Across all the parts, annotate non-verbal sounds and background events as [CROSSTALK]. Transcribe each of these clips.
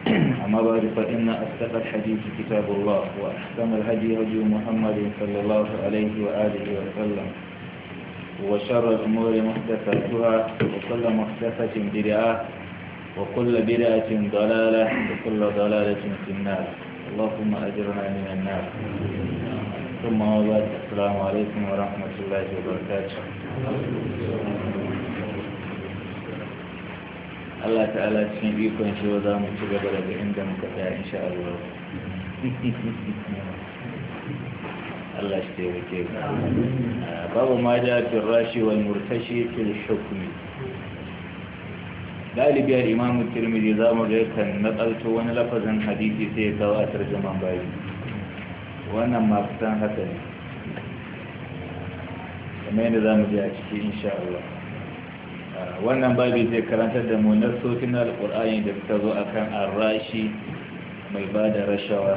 [CLEARS THROAT] أما بعد فإن أصدق الحديث كتاب الله وأحسن الهدي هدي محمد صلى الله عليه وآله وسلم وشر الأمور محدثاتها وكل محدثة بدعة وكل بدعة ضلالة وكل ضلالة في النار اللهم أجرنا من النار ثم وبعد السلام عليكم ورحمة الله وبركاته Allah ta'ala cikin ikon shi za mu ci gaba daga inda muka tsaya insha Allah Allah shi taimake mu babu ma ja fi rashi wal murtashi fil hukmi galibi al imam tirmidhi za mu ga kan nakalto wani lafazin hadisi sai ya kawo a tarjaman bayi wannan ma kusan haka ne kamar yadda za mu ji a ciki insha Allah wannan babi zai karantar da mu nassofin alkur'ani da suka zo a kan arashi mai ba da rashawa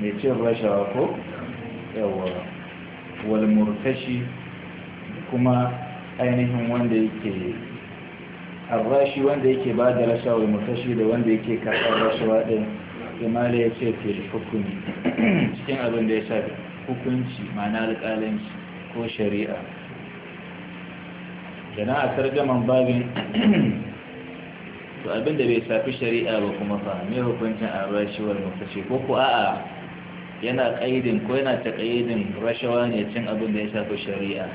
mai cin rashawa ko yawa walmurtashi kuma ainihin wanda yake arashi wanda yake ba da rashawa walmurtashi da wanda yake karɓar rashawa ɗin imala ya ce ke hukumi cikin abin da ya shafi hukunci ma'ana alƙalanci ko shari'a gana a tarjaman babin to abinda bai safi shari'a ba kuma fa me hukuncin a rashawar mutashi ko ko a'a yana kaidin ko yana ta kaidin rashawa ne cin abin da ya safi shari'a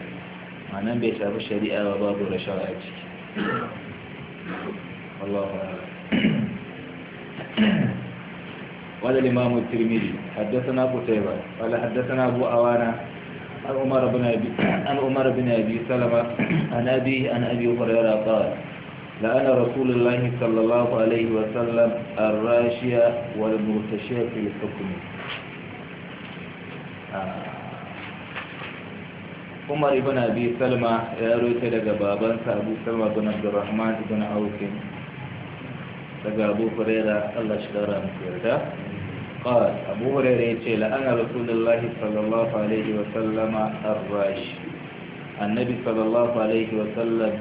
nan bai safi shari'a ba babu rashawa a ciki wallahu قال الإمام الترمذي حدثنا قتيبة قال حدثنا أبو na. عن عمر بن أبي عن عمر بن أبي سلمة عن أبي عن أبي هريرة قال لأن رسول الله صلى الله عليه وسلم الراشية والمرتشية في الحكم آه. عمر بن أبي سلمة يا رويت لك بابا أبو سلمة بن عبد الرحمن بن عوف لك أبو هريرة الله شكرا لك قال أبو هريرة لأن رسول الله صلى الله عليه وسلم الراش النبي صلى الله عليه وسلم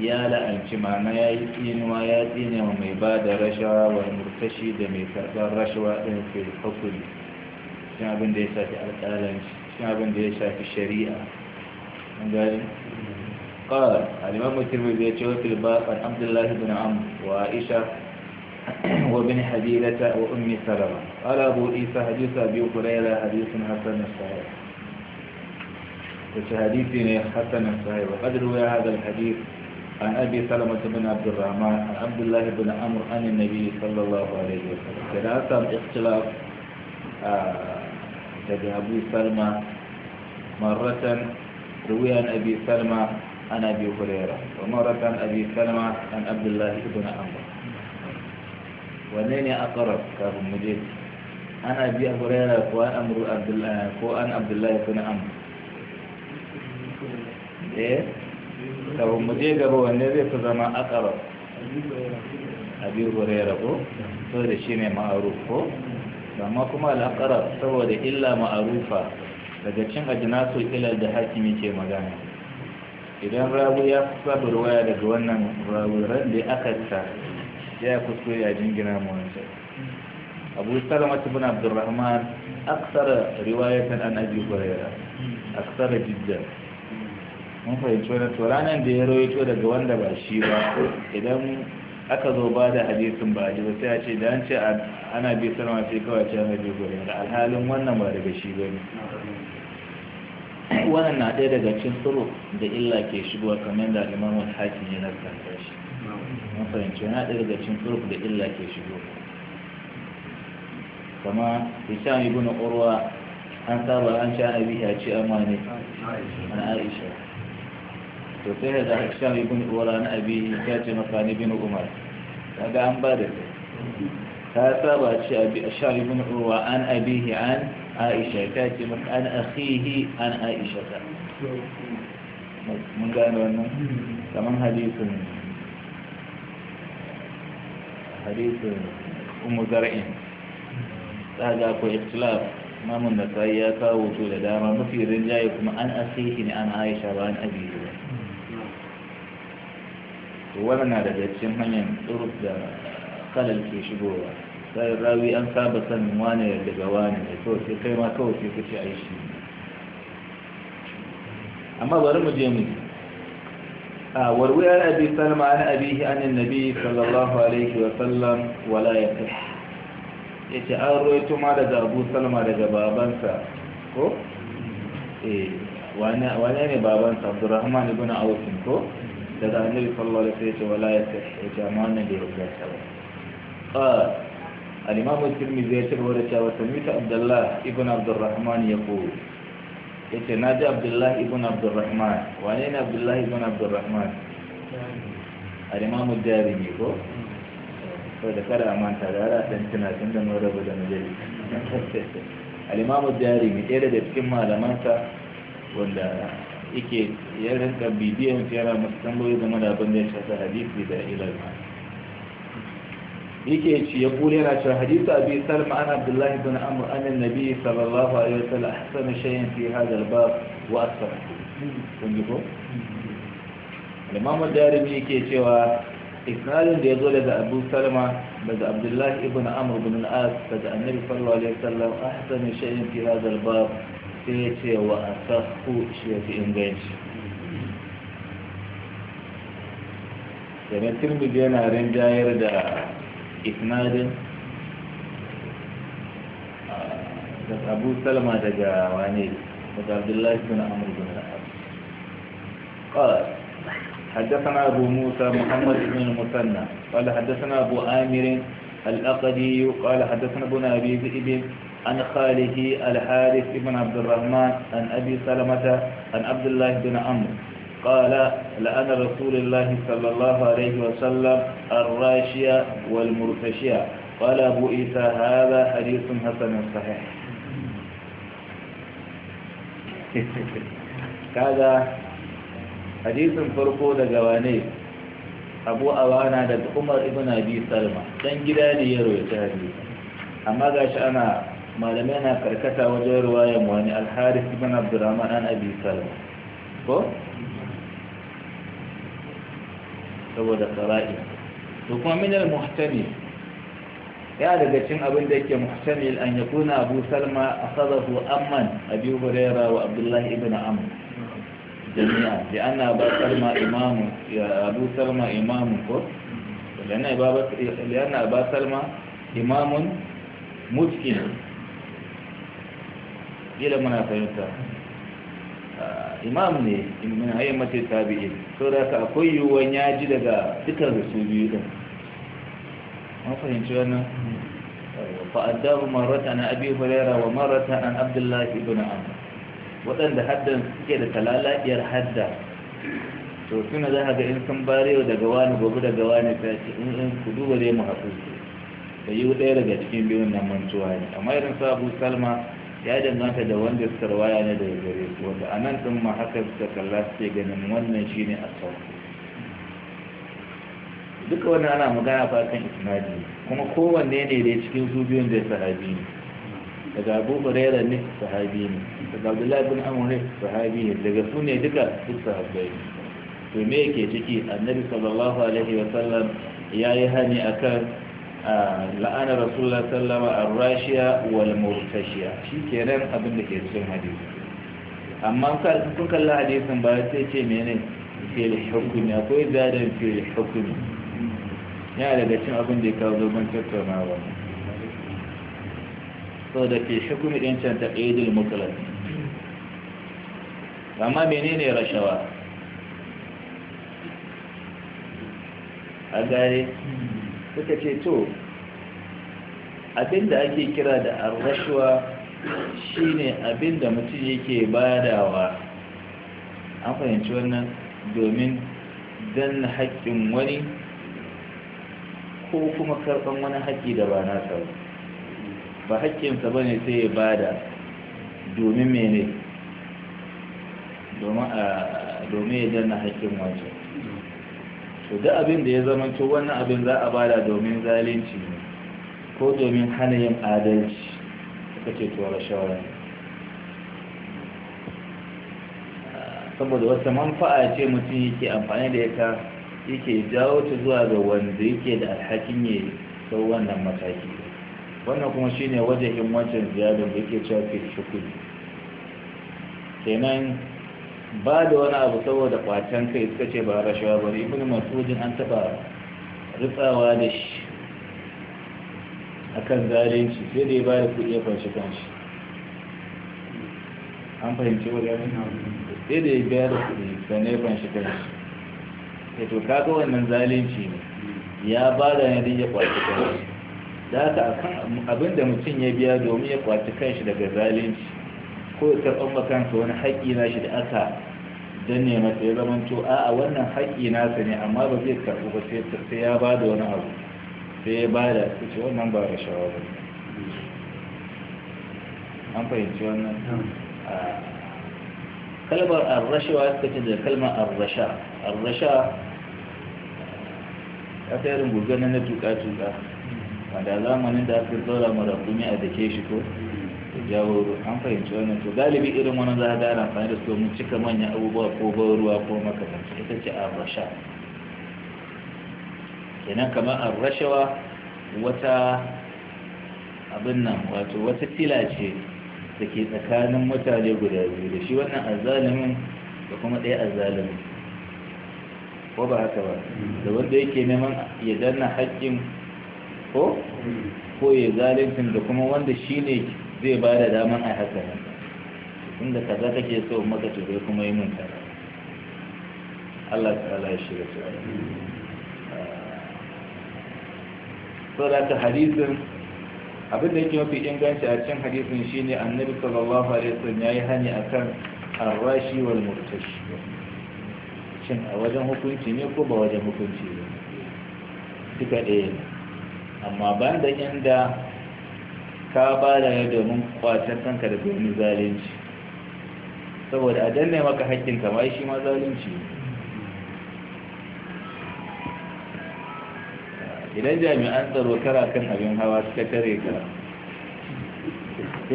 ya la'anci mana ya yi tsinuwa ya tsine wa mai ba da rashawa wa murtashi da mai karɓar rashawa ɗin fil hukuli shi abin da ya shafi da ya قال الإمام الترمذي يقول بن وعائشة وابن حبيبة وأم سلمة قال أبو عيسى حديث أبي هريرة حديث حسن الصحيح وشهاديث حسن الصحيح وقد روي هذا الحديث عن أبي سلمة بن عبد الرحمن عن عبد الله بن عمرو عن النبي صلى الله عليه وسلم ثلاثة اختلاف لدى آه، أبو سلمة مرة روي عن أبي سلمة عن أبي هريرة ومرة عن أبي سلمة عن عبد الله بن عمرو wanne ne ƙarar kafin mu je ana bi a hurairah ko an amuru abdullahi ko an abdullahi ko na amru eh kafin mu je gaba wanne zai fi zama a aqrab abi hurairah ko so da ne ma'ruf ko amma kuma al'aƙarar saboda illa ma'arufa daga cin ajinasul ilal da hakimi ke magana idan Rabu ya saba ruwaya daga wannan rabu da aka ta ya kuskure ya jingina mu wani sai abu salama bin abdurrahman aksara riwayatan an abi hurairah aksara jiddan mun fahimci wani to ranar da ya rawaito daga wanda ba shi ba idan aka zo ba da hadisin ba ji ba sai a ce da an ce ana bi salama sai kawai ce an bi alhalin wannan ba daga shi ba ne wannan na ɗaya daga cin tsoro da illa ke shigowa kamar da imamu hakimi na kan shi mun fahimci yana ɗaya daga cikin turuk da illa ke shigo kama hisham ibn urwa an saba an ci ana biya ci amane an aisha to sai da hisham ibn urwa na abi ya ce maka ni bin umar ga an ba da ta saba ci abi hisham ibn urwa an abihi an aisha ta ce maka an akhihi an aisha ta mun gane wannan kamar ne. hadisin umu zar'in ga ko ikhtilaf mamun da sai ya kawo to da dama mafi rinjaye kuma an asihi ne an aisha ba an abi ba to wannan na daga cikin hanyar tsuruf da kalal ke shigowa sai rawi an saba san wani daga wani ne to sai kai ma kawai sai kace aishi amma bari mu je mu وروي عن أبي سلمة عن أبيه عن النبي صلى الله عليه وسلم ولا يصح yace an roito daga abu salma daga babansa ko? eh wane ne babansa abdurrahman ibn awusin ko? daga annabi sallallahu alaihi wasallam wala yasih yace amma wannan da yarda ta ba qal al-imam at-tirmidhi ya ce wa ibn abdurrahman yaqul yace na ji abdullahi ibn abdurrahman wane ne abdullahi ibn abdurrahman al-imamu jarimi ko sau da kada a manta da ara ɗan tunatin da mun rabu da mujali al-imamu jarimi ɗaya da cikin malamansa wanda yake yaran rinka bibiyan yana musu tambayoyi game da abin da ya shafi hadisi da ilal yake ce ya kula yana cewa hadisi abi salma an abdullahi bin amr an annabi sallallahu alaihi wasallam ahsana shay'in fi hadha al-bab wa asfara kun ji ko Imam Darimi yake cewa isnadin da yazo daga Abu Salma daga Abdullahi ibn Amr ibn al-As daga Annabi sallallahu alaihi wasallam ahsana shay'in fi hadha al-bab sai ya ce wa asahu shi ya fi inganci Sannan Tirmidhi yana rinjayar da إسناد آه، أبو سلمة دقى وانيل عبد الله بن عمرو بن العاص قال حدثنا أبو موسى محمد بن المثنى قال حدثنا أبو آمر الأقدي قال حدثنا ابن أبي ذئب عن خاله الحارث بن عبد الرحمن عن أبي سلمة عن عبد الله بن عمرو قال لأن رسول الله صلى الله عليه وسلم الراشية والمرتشية قال أبو إيسى هذا حديث حسن صحيح farko daga wane abu awana daga umar ibn abi salma dan gida ne ya rawaita hadisi amma gashi ana malamai na karkata wajen ruwayan wani alharis ibn abdurrahman an saboda sara'i to kuma min al-muhtami ya daga cin abin da yake muhtami an yakuna abu salma asabahu amman abi hurairah wa abdullahi ibn amr jami'a da ana abu salma imamu ya abu salma imamu ko lana baba lana abu salma imamun mutkin ila muna imam ne min ayyamati tabi'i so da ka akwai yiwuwan ya ji daga dukkan su biyu da. an fahimci wannan fa'addahu marrata na abi hulera wa marrata an Abdullahi ibn amma. waɗanda haddan suke da talalaɗiyar hadda to suna za a ga in sun yau daga wani gobe daga wani ta ce in in ku duba zai mu haƙu da yi ɗaya daga cikin biyun nan mantuwa ne amma irin su abu salma ya danganta da wanda sarwaya ne da gare su wanda a nan ɗin ma haka suka kalla suke ganin wannan shi ne a sauƙi duka wani ana magana fa kan isnadi kuma kowanne ne dai cikin su biyun da sahabi ne daga abu huraira ne sahabi ne daga abdullahi bin amr sahabi ne daga su ne duka su sahabbai to me yake ciki annabi sallallahu alaihi wa sallam ya yi hani akan la'ana rasulullah sallama a rashiya wal murtashiya shi shikenan abin da ke cikin hadisi amma kun kalla hadisin ba sai ce menene fil hukumi, akwai zadan fil hukumi. yana daga cin abin da ya kawo zoben ba. sau da ke hukumi ɗin can ta ƙaidul mutlar amma menene rashawa a gare suka ce to abinda ake kira da arrashuwa shine abinda mutum yake badawa an fahimci wannan domin dan haƙƙin wani ko kuma karɓan wani haƙƙi da ba na nasa ba haƙƙinsa ba ne sai ya bada domin mene domin ya danna haƙƙin wajen to da abin da ya zama zamanto wannan abin za a bada domin zalunci ne ko domin hana yin adalci suka ce tuwa shawara saboda wata manfa'a ce mutum yake amfani da ita yake jawo ta zuwa ga wanda yake da alhakin ya sau wannan mataki wannan kuma shine wajen wancan ziyarar da yake cewa ke shukuri kenan ba da wani abu saboda kwacen kai suka ce ba rashawa ba ne ibn masudin an taba ritsawa da shi A kan zalunci sai da ya ba da kuɗi ya kan kanshi an fahimci wajen sai da ya biya da kuɗi sannan ya kan kanshi ya eh, to kaga wannan zalunci ne ya ba da ne da ya kwaci kanshi da haka akan abin da mutum ya biya domin ya kwaci kanshi daga zalunci ko ya karɓar makansa wani haƙƙi na shi da aka danne masa ya zama to a wannan haƙƙi nasa ne amma ba zai karɓi ba sai ya ba da wani abu sai ya ba da su ce wannan ba rashawa ba an fahimci wannan kalmar arrashawa suka ce da kalmar arrasha arrasha ya ta yarin gurganar na tuka-tuka wanda zamanin da aka zaura marakumi a dake shi ko jawo ruwa an fahimci wannan to galibi irin wani za a ga ana amfani da su domin cika manyan abubuwa ko ban ruwa ko makamanci ita ce a rasha kenan kamar a rashawa wata abin nan wato wata fila ce da ke tsakanin mutane guda biyu da shi wannan azalimin da kuma ɗaya azalimin ko ba haka ba da wanda yake neman ya danna haƙƙin ko ko ya zalintin da kuma wanda shi ne zai ba da daman a haka inda kaza kake so maka turai kuma yi mun kaza Allah ta'ala ya shiga su so da ah. Abin da abinda yake mafi inganci a cin hadisin shine annabi sallallahu alaihi wasallam yayi hani akan arrashi wal murtashi shin a wajen hukunci ne ko ba wajen hukunci ne duka ɗaya ne amma ba da inda ka ba da ne domin kwatar kanka da domin zalunci saboda a danne maka haƙƙin mai shi ma zalunci idan jami'an tsaro kara kan abin hawa suka tare ka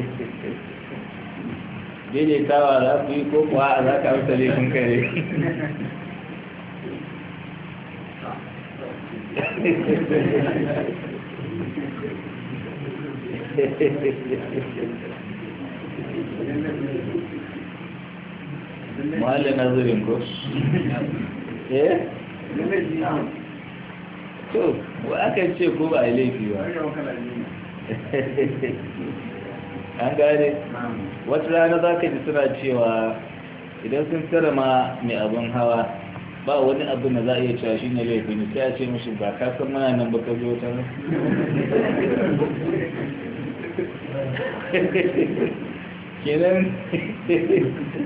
[LAUGHS] daidaitawa za ku yi ko kuwa za ka amsa laifin kare Thank [LAUGHS] you. mahallin nazirin ko eh to wa aka ce ko ba a laifi ba an gane wata rana za ka ji suna cewa idan sun tara mai abin hawa ba wani abin da za a iya cewa shi ne laifin sai a ce mashi ba ka san mana nan ba ka zo ta kenan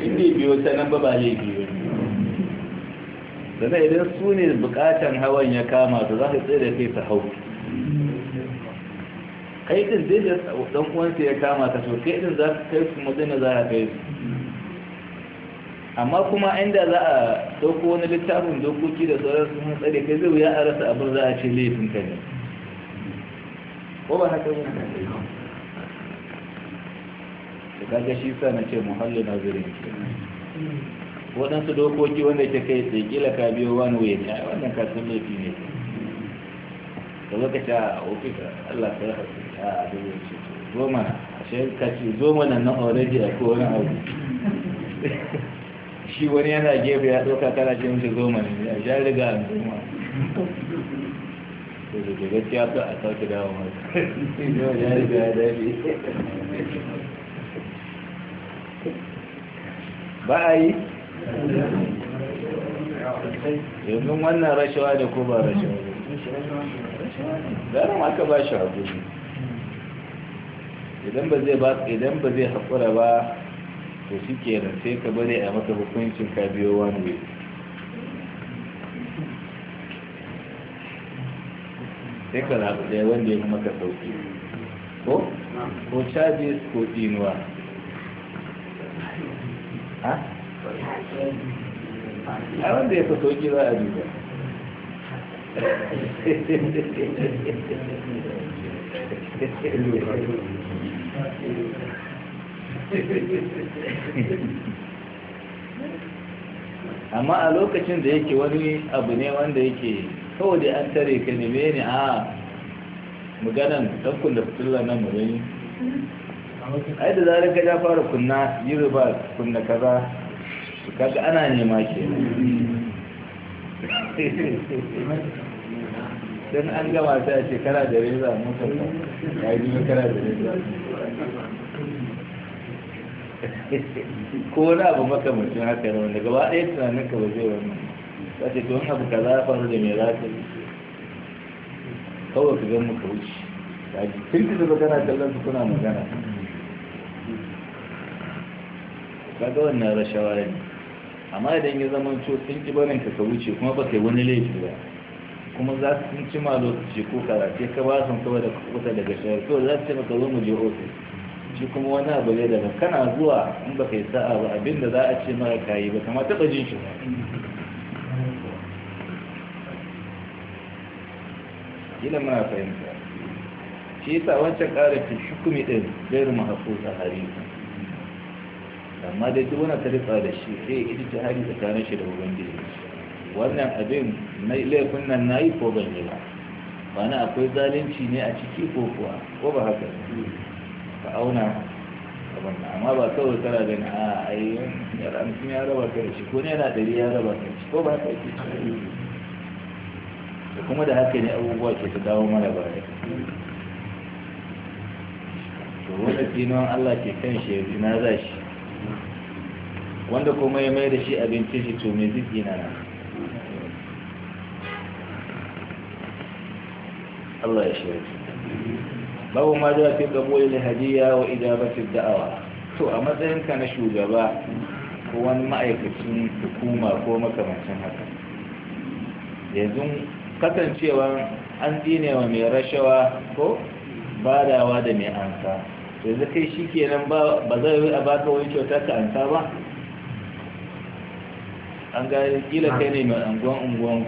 inda biyo ta nan ba ba laifi ba sannan idan su ne bukatan hawan ya kama su za su tsaye da kai su hau kai din zai da dan uwansa ya kama ka so kai din za su kai su madina za a kai su amma kuma inda za a dauko wani littafin dokoki da sauran su sun tsare kai zai wuya a rasa abin za a ce laifin ka ne ko ba haka ba kaga shi sa na ce muhalli nazirin waɗansu dokoki wanda ke kai tsaye kila ka biyo wani wuya ne a wannan kasan laifi ne da lokaci a ah, ofis allah ta rahasa ah, a dubu ce a shayar kashi zoma na nan already a ko wani abu [LAUGHS] shi wani yana gefe ya ɗauka kana ce mishi zoma ne a sha riga a zoma [LAUGHS] da gaskiya a sauke dawo [LAUGHS] ya riga ya dafi ba a yi yanzu wannan rashawa da ko ba rashawa daren aka ba shi haƙuri idan ba zai idan ba zai haƙura ba to shi kenan sai ka bari a maka hukuncin ka biyo wani wai sai ka na ɗaya wanda ya maka sauƙi ko ko charges ko inuwa ha a wanda ya fito ki a amma a lokacin da yake wani abu ne wanda yake kawai da an tare ka ne ne a ah, maganan ɗaukun da fitilla nan mu gani ai da zarar ka ja fara kunna yi ruba, kunna kaza su kaga ana nema ke don an gama ta a shekara da reza musamman ya yi shekara da reza ko na abu makamacin haka ne wanda gaba ɗaya tunanin ka ba zai wannan ta ce to abu ka za faru da mai za kawai ka gan muka wuce tun ka zaba kana kallon su kuna magana kaga wannan rashawa ne amma idan ya zama to sun ki barin ka ka wuce kuma ba kai wani laifi ba kuma za su sun ci ma lokaci ko karatu ka ba su kawai da daga shawar to za su ce maka zo mu je ofis shi kuma wani abu ne daga kana zuwa in ba kai sa'a ba abinda za a ce mara yi ba kama taɓa jin shi ba. kila mara fahimta shi yasa wancan ƙarafin shukumi ɗin zai rumahafu a harisun amma dai duk wani tarifa da shi sai ya ita jihari tsakanin shi da ubangiji wannan abin na laifin nan na yi ko ban yi ba bana akwai zalunci ne a ciki ko kuwa ko ba haka ka auna abin amma ba kawai tara da a ayi yara mutum ya raba ka shi ko ne na ɗari ya raba ka shi ko ba haka ke da kuma da haka ne abubuwa ke ta dawo mana ne to wanda tinon Allah ke kan shi na za shi wanda kuma ya mai da shi abinci shi to mai ziki na nan Allah ya shirya babu ma za fi kabulin hadiya wa idabatin da'awa to a matsayinka na shugaba ko wani ma'aikacin hukuma ko makamancin haka yanzu kasancewa an tsinewa mai rashawa ko badawa da mai ansa yanzu kai shi kenan ba zai a baka wani kyauta ka ansa ba an gane kila kai ne mai anguwan unguwan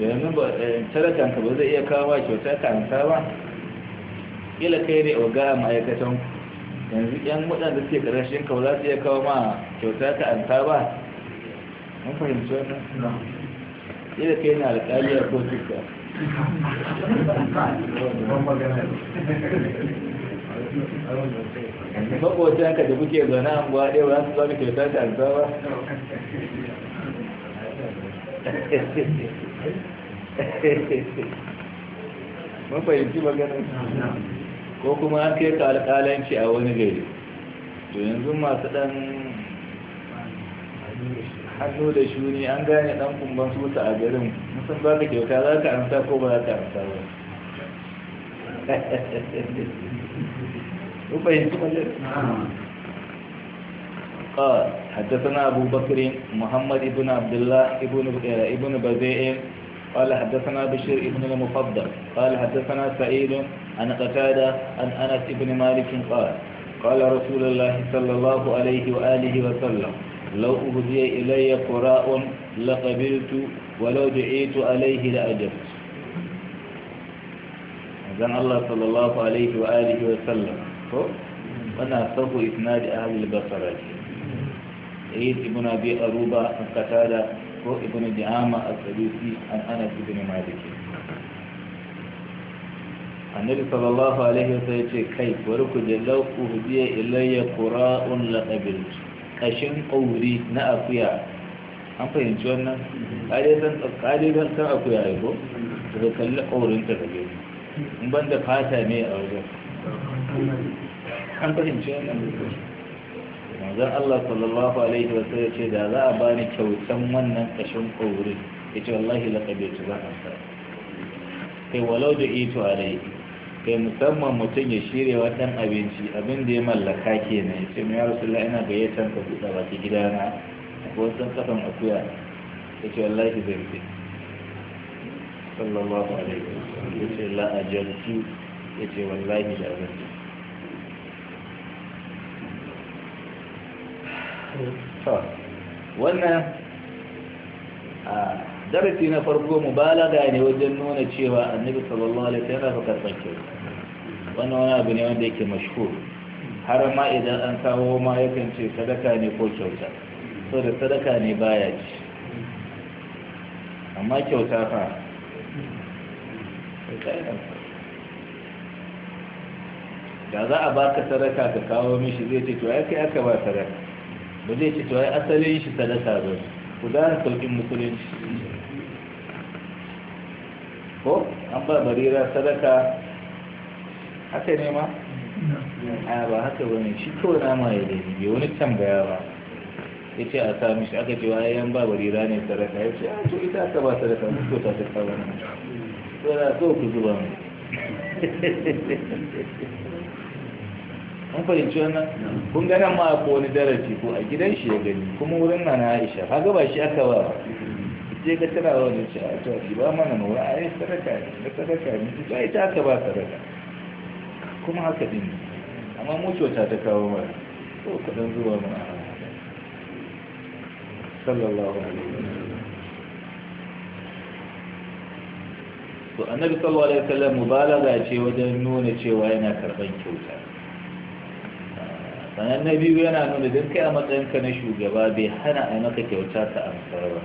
yanzu ba sadakan eh, ka ba zai iya kawo ba kyauta ka amsa ba kila kai ne oga a ma'aikatan yanzu yan waɗanda suke ƙarashin ka ba za su iya kawo ma kyauta ka amsa ba mun fahimci wannan kila kai ne alƙali a kotun ka maƙocin ka da kuke zaune a unguwa ɗaya ba za su ba kyauta ka amsa ba [LAUGHS] mafahimci maganin ko kuma an kai alƙalanci a wani gari to yanzu masu ɗan hannu da shuni an gane ɗan kumban suta a garin musan ba ka kyauta za ka amsa ko ba za ka amsa ba mafayinci magana قال حدثنا أبو بكر محمد بن عبد الله ابن آه، ابن بزيع قال حدثنا بشير بن المفضل قال حدثنا سعيد عن قتادة عن أنس بن مالك قال قال رسول الله صلى الله عليه وآله وسلم لو أهدي إلي قراء لقبلت ولو دعيت عليه لأجبت زن الله صلى الله عليه وآله وسلم وانا أصف إثناد أهل البصرة سعيد بن أبي أروبة عن قتادة ابن جعامة السدوسي عن أنس بن مالك النبي صلى الله عليه وسلم كيف ورك جلو أهدي إلي قراء لقبل قشن قوري نأفيا an fahimci wannan ƙariban san akuya ya ko daga kalli ƙaurin ta daga in ban da fata ne a wajen an fahimci wannan manzon Allah sallallahu alaihi wa sallam ce da za a bani kyautan wannan kashin ya yace wallahi laqad zan sa kai walau da ito alai kai musamman mutum ya shirya wa dan abinci abin da ya mallaka kenan yace ya rasulullah ina gayyatan ka buɗe baki gidana ko san kafan akuya yace wallahi zan fi sallallahu alaihi wa sallam yace la ya yace wallahi da zan wannan a darasi na farko mubalaga ne wajen nuna cewa annabi sallallahu alaihi wasallam yana karɓa ce wannan wani abu ne wanda yake mashhur har ma idan an kawo ma yakan ce sadaka ne ko kyauta so da sadaka ne baya ci amma kyauta fa da za a baka sadaka ka kawo mishi zai ce to ya kai aka ba sadaka ba zai ce to ai asalin shi sadaka ba ku da saukin musulunci ko an ba barira sadaka haka ne ma mm-hmm. a ba haka ba ne shi kawai nama ya daidai bai wani tambaya ba ya ce a sami shi aka ce waye yan ba barira ne sadaka ya ce a ah, to ita aka ba sadaka mu ko ta ta kawo ne to da so ku zuba mu [LAUGHS] mun fahimci wannan kun ga nan ma ko wani darasi ko a gidan shi ya gani kuma wurin na na Aisha kaga ba shi aka ba je ka wa wani ce a to shi ba mana mawar a yi sadaka ne na sadaka ne ba ita aka ba sadaka kuma haka din amma mu cewa ta kawo mana to ka dan zuwa a sallallahu alaihi wasallam to annabi sallallahu alaihi wasallam mubalaga ce wajen nuna cewa yana karban kyauta sannan na biyu yana nuna don kai a matsayinka na shugaba bai hana a maka kyauta ta amsar ba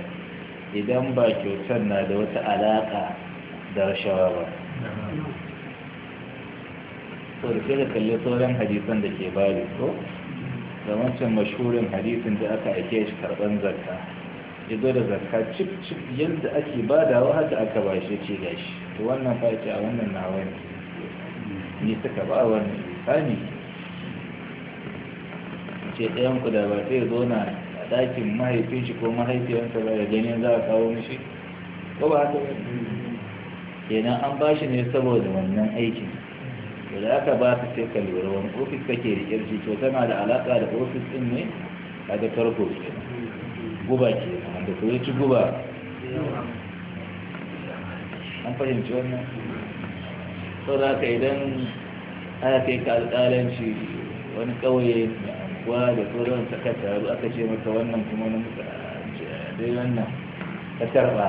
idan ba kyautar na da wata alaƙa da rashawa ba so da ke da kalli sauran hadisan da ke bari ko da wancan mashurin hadisin da aka ake shi karɓar zakka ido da zakka cip cip yadda ake ba badawa haka aka ba shi ce gashi to wannan fa'ice a wannan nawa ne ni suka ba wani isani ce ɗayan ku da ba sai zo na a ɗakin mahaifin shi ko mahaifiyarsa ba da ganin za a kawo mishi ko ba haka kenan an ba shi ne saboda wannan aikin Da da aka ba ta sai ka lura wani ofis kake da shi to tana da alaƙa da ofis ɗin ne a da farko ke guba kenan wanda ku ci guba an fahimci wannan sau da haka idan aka yi ka alƙalanci wani ƙauye mai kuwa da sauran suka taru aka ce mata wannan kuma na ah, dai wannan ta karba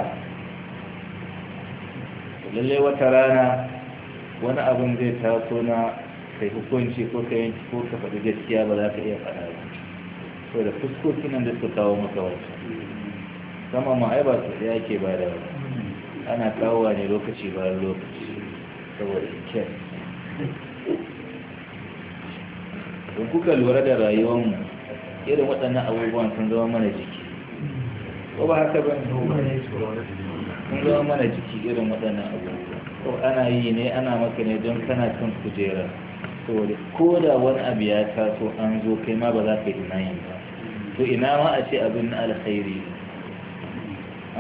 lallai wata rana wani abin zai taso na kai hukunci ko ka yanki ko ka faɗi gaskiya ba za ka iya faɗa ba so da fuskoki nan da suka kawo maka wata sama ma ai ba su ya ke ba da ana kawowa ne lokaci bayan lokaci saboda kyan Don kuka lura da mu, irin waɗannan abubuwan sun zama mana jiki ko ba haka ban sun zama mana jiki irin waɗannan abubuwan. ko ana yi ne ana maka ne don kana kan kujera saboda ko da wani abu ya taso an zo kai ma ba za ka yi nayin ba to ina ma a ce abin na alkhairi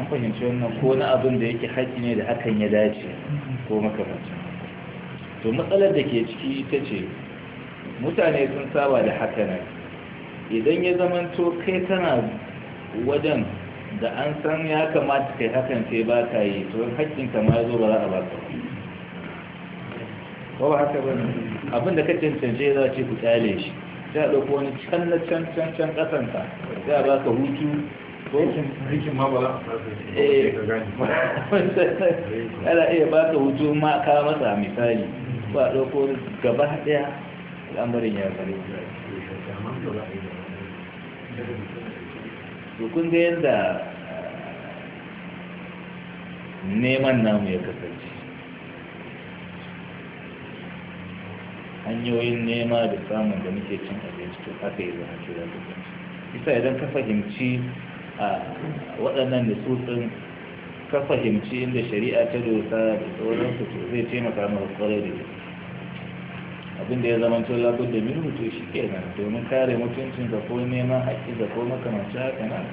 an fahimci wannan ko na abin da yake haƙƙi ne da hakan ya dace ko makamancin to matsalar da ke ciki ita ce mutane sun saba da haka idan ya zamanto kai tana wajen da an san ya kamata kai hakan sai ba ka yi to haƙƙinka ma ya zo ba za a ba ka ba ba haka ba abin da ka cancanci za ce ku tsale shi sai a ɗauko wani can na can can can ƙasanka sai a ba ka hutu ko rikin ma ba za a fasa eh. [LAUGHS] ana iya ba ka hutu ma ka masa misali ba a ɗauko gaba ɗaya al'amarin ya kare kun ga yadda eh, neman namu ya kasance hanyoyin nema da samun da muke cin abinci to haka yi zuwa ke da isa idan ka fahimci a waɗannan da ka fahimci inda shari'a ta dosa da sauransu su zai taimaka maka kwarai da gaske abin da ya zama to labar da min mutu shi ke nan domin kare mutuncin da ko neman haƙƙi da ko makamanci haka nan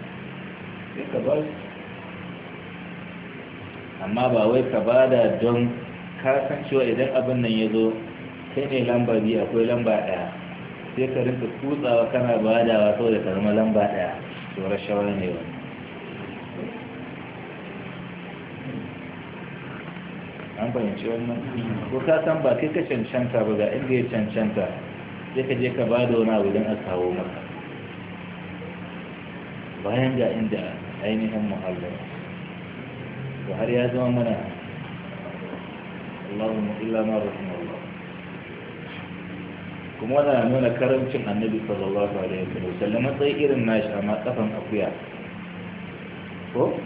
sai ka ba su amma ba wai ka ba da don kasancewa idan abin nan ya zo kai ne lamba biyu akwai lamba ɗaya sai ka rinka kutsawa kana badawa saboda ka zama lamba ɗaya to rashawa ne wani an fahimci wannan ko ka san ba kai ka cancanta ba ga inda ya cancanta sai ka je ka ba da wani abu don a kawo maka bayan ga inda ainihin muhallin Ba har ya zama mana Allahu! illa ma Allah! kuma wannan nuna karancin annabi sallallahu alaihi wa sallam matsayi irin nashi amma kafan akuya ko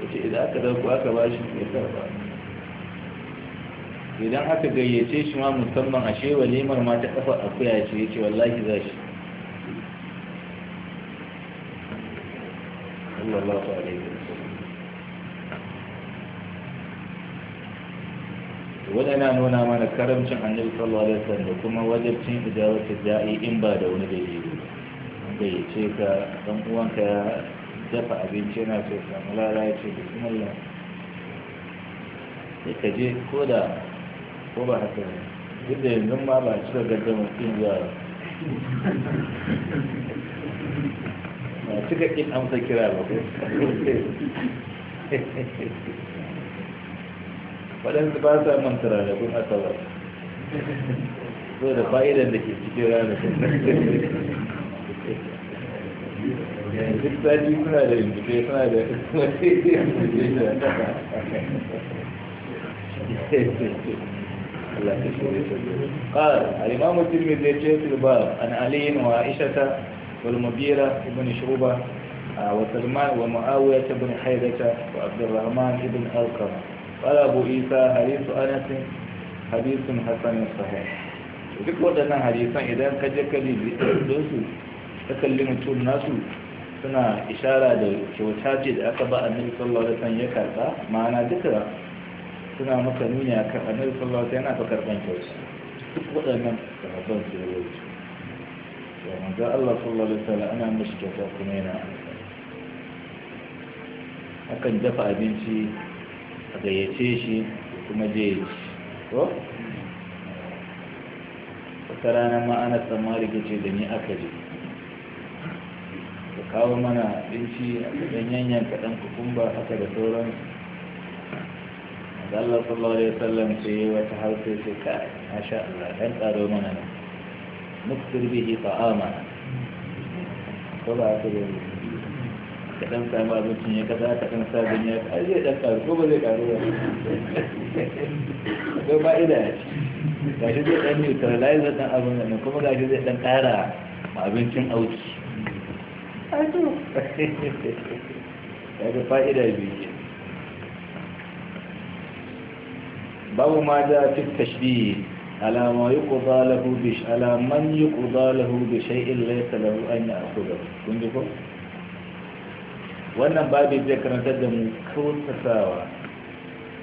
yace idan aka dauko aka bashi ya karba idan aka gayyace shi ma musamman ashe walimar ma ta kafa akuya ce yace wallahi za shi wadda na nuna mana karamcin annabi sallallahu alaihi wasallam da kuma wajibcin ijabatu da'i in ba da wani dalili da ya ce ka dan uwanka ya dafa abinci yana so samu lara ya ce ya sai ka je ko da ko ba haka ne duk da yanzu ma ba ci da gaggama mutum ya ba cika ƙin amsa kira ba ko waɗansu ba sa manta ranakun asabar so da fa'idan da ke cikin ranakun duk sati suna da yin rikice suna da [LAUGHS] wani rikice da Allah ya shirye su ce fil bab an ali wa aisha wal mubira ibn shuba wa salman wa muawiya ibn haydata wa abd ibn al isa duk waɗannan hadisan idan ka je ka libi su ka kalli mutum nasu suna ishara da kyauta ce da aka ba annabi sallallahu alaihi wasallam ya karba ma'ana duka suna maka nuni a kan annabi sallallahu alaihi yana fa karban kyauta duk waɗannan sahabban su da wuce to manzo Allah sallallahu alaihi wasallam ana mishi kyauta kuma yana akan dafa abinci a gayyace shi kuma je yi. ko wata rana ma ana tsammari ga da ni aka je ka kawo mana abinci a ɗanyen yanyan kaɗan kukumba haka da sauransu Allah sallallahu alaihi wasallam ce wata hausa sai ka masha Allah dan tsaro mana ne nuktir bihi ta'ama ko ba ka yi ka dan samu abincin ya kaza ka sa sabon ya ai zai dan karu ko ba zai karu ba ko ba ida shi zai dan neutralize dan abin nan kuma shi zai dan kara abincin auki ai to kaga fa'ida biyu babu ma ja fi tashbih ala ma yuqda lahu bi ala man yuqda lahu wannan babu zai karantar da mu kautsasawa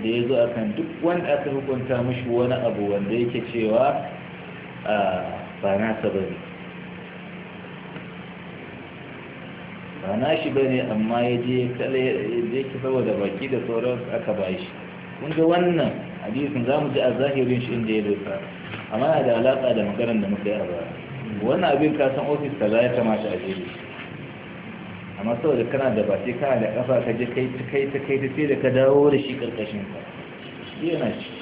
da ya zo akan duk wanda aka hukunta mashi wani abu wanda yake cewa ba nasa ba ne shi ba ne amma ya je saboda baki da sauransu aka wannan hadisin za mu ji a zahirin shi inda ya dauka, amma yana da alaƙa da maganar da muka yi a baya wannan abin ka san ofis ka za ya kamata a jeji amma saboda kana da ba sai kana da ƙafa ka je kai ta kai ta sai da ka dawo da shi ƙarƙashin ka shi yana ciki.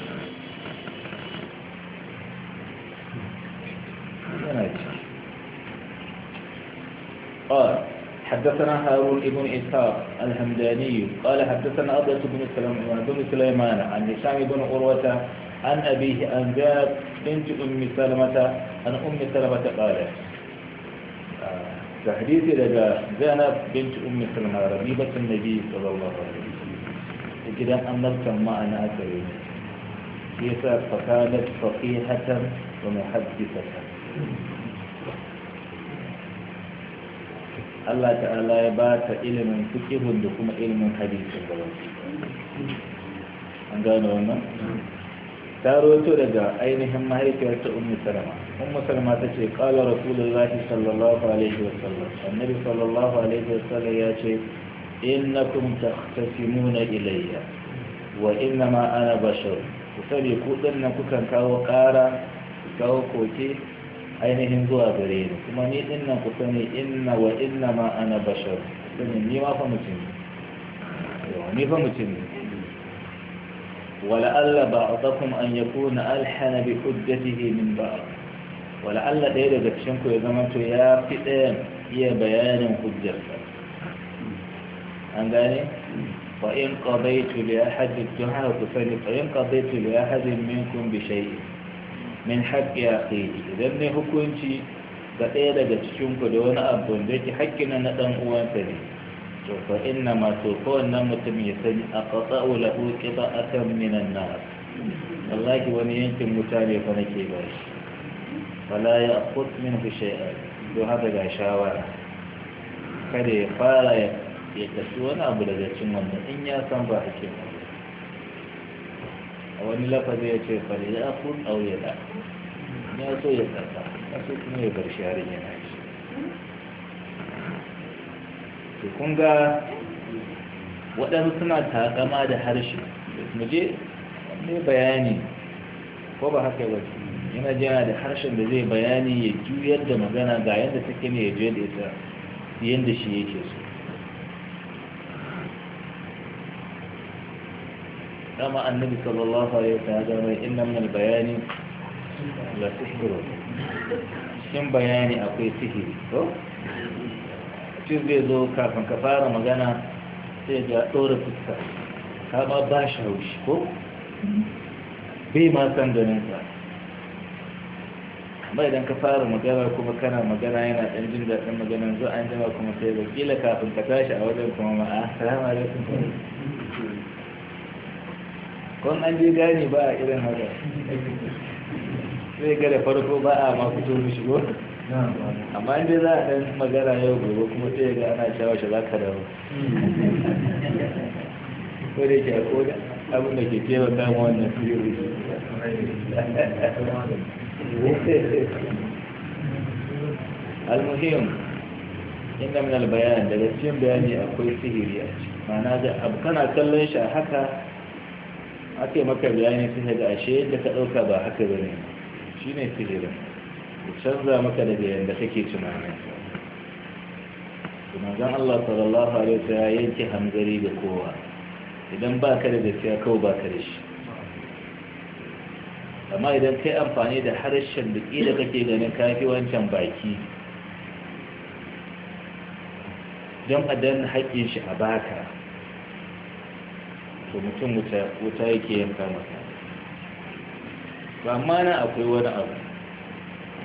حدثنا هارون بن إسحاق الهمداني قال حدثنا أبيض بن سليمان عن هشام بن عروة عن أبيه عن جاد بنت أم سلمة عن أم سلمة قالت تحديث لدى زينب بنت أم سلمة ربيبة النبي صلى الله عليه وسلم إذا أمرت معنا كريم كيف فكانت فقيهة ومحدثة Allah ta'ala ya ba ta ilimin fikihun da kuma ilimin hadisin da wasu an gano wannan ta roto daga ainihin mahaifiyar ta ummu salama ummu salama ta ce qala rasulullahi sallallahu alaihi wa sallam annabi sallallahu alaihi wa sallam ya ce innakum tahtasimuna ilayya wa innama ana bashar ku sani ku dinnan kukan kawo ƙara ku kawo koke ainihin zuwa gare ni kuma ni inna ku sani inna wa inna ma ana bashar sani ni ma fa mutum ni fa mutum ولعل بعضكم أن يكون ألحن بحجته من بعض ولعل دير دكشنكو إذا ما يا فتان هي بيان حجتك عندني فإن قضيت لأحد الدعاء فإن قضيت لأحد منكم بشيء min haƙƙi a idan ne hukunci ga ɗaya daga cikinku da wani abu da yake haƙƙina na ɗan uwansa ne to fa inna ma to ko wannan mutum ya sani a qata'u a qita'atan minan nar wallahi wani yankin mutane fa nake ba shi fala ya'khudh minhu shay'an to haka ga shawara kada ya fara ya kasu wani abu daga cikin wannan in ya san ba hakim ba a wani lafazi ya ce fari ya kun auye da ya so ya karba a su kuma ya bar sharin yana shi to kun ga waɗansu suna takama da harshe mu je ne bayani ko ba haka ba yana jana da harshen da zai bayani ya juyar da magana ga yadda take ne ya juyar da ita yadda shi yake so dama annabi sallallahu alaihi wasallam ya mai inna min albayani la sihru cikin bayani akwai sihiri to cikin zai zo kafin ka fara magana sai ga ɗora fuska ka haushi ko bai ma san idan ka fara magana kuma kana magana yana ɗan jin daɗin maganan zo an jama kuma sai ga kila kafin ka tashi a wajen kuma ma'a ah, salamu alaikum kun an je gani ba a irin haka zai ga da farko ba a ma fito mu shigo amma inda za a ɗan magana yau gobe kuma sai ga ana cewa shi za ka dawo ko da ke ko abin da ke kewa kama wannan fiye almuhim inda min albayan daga cikin bayani akwai sihiri a ciki ma'ana da abu kana kallon shi a haka ake maka bayani da ashe yadda ka ɗauka ba haka ba ne shi ne sihirin da canza maka daga yadda kake tunanin kuma zan Allah sallallahu alaihi wasallam ya yanke hanzari da kowa idan ba ka da gaskiya kawai ba ka da shi amma idan kai amfani da harshen da ƙila kake ganin kafi wancan baki don a danna haƙƙin shi a baka to mutum wuta yake yanka masa ba ma na akwai wani abu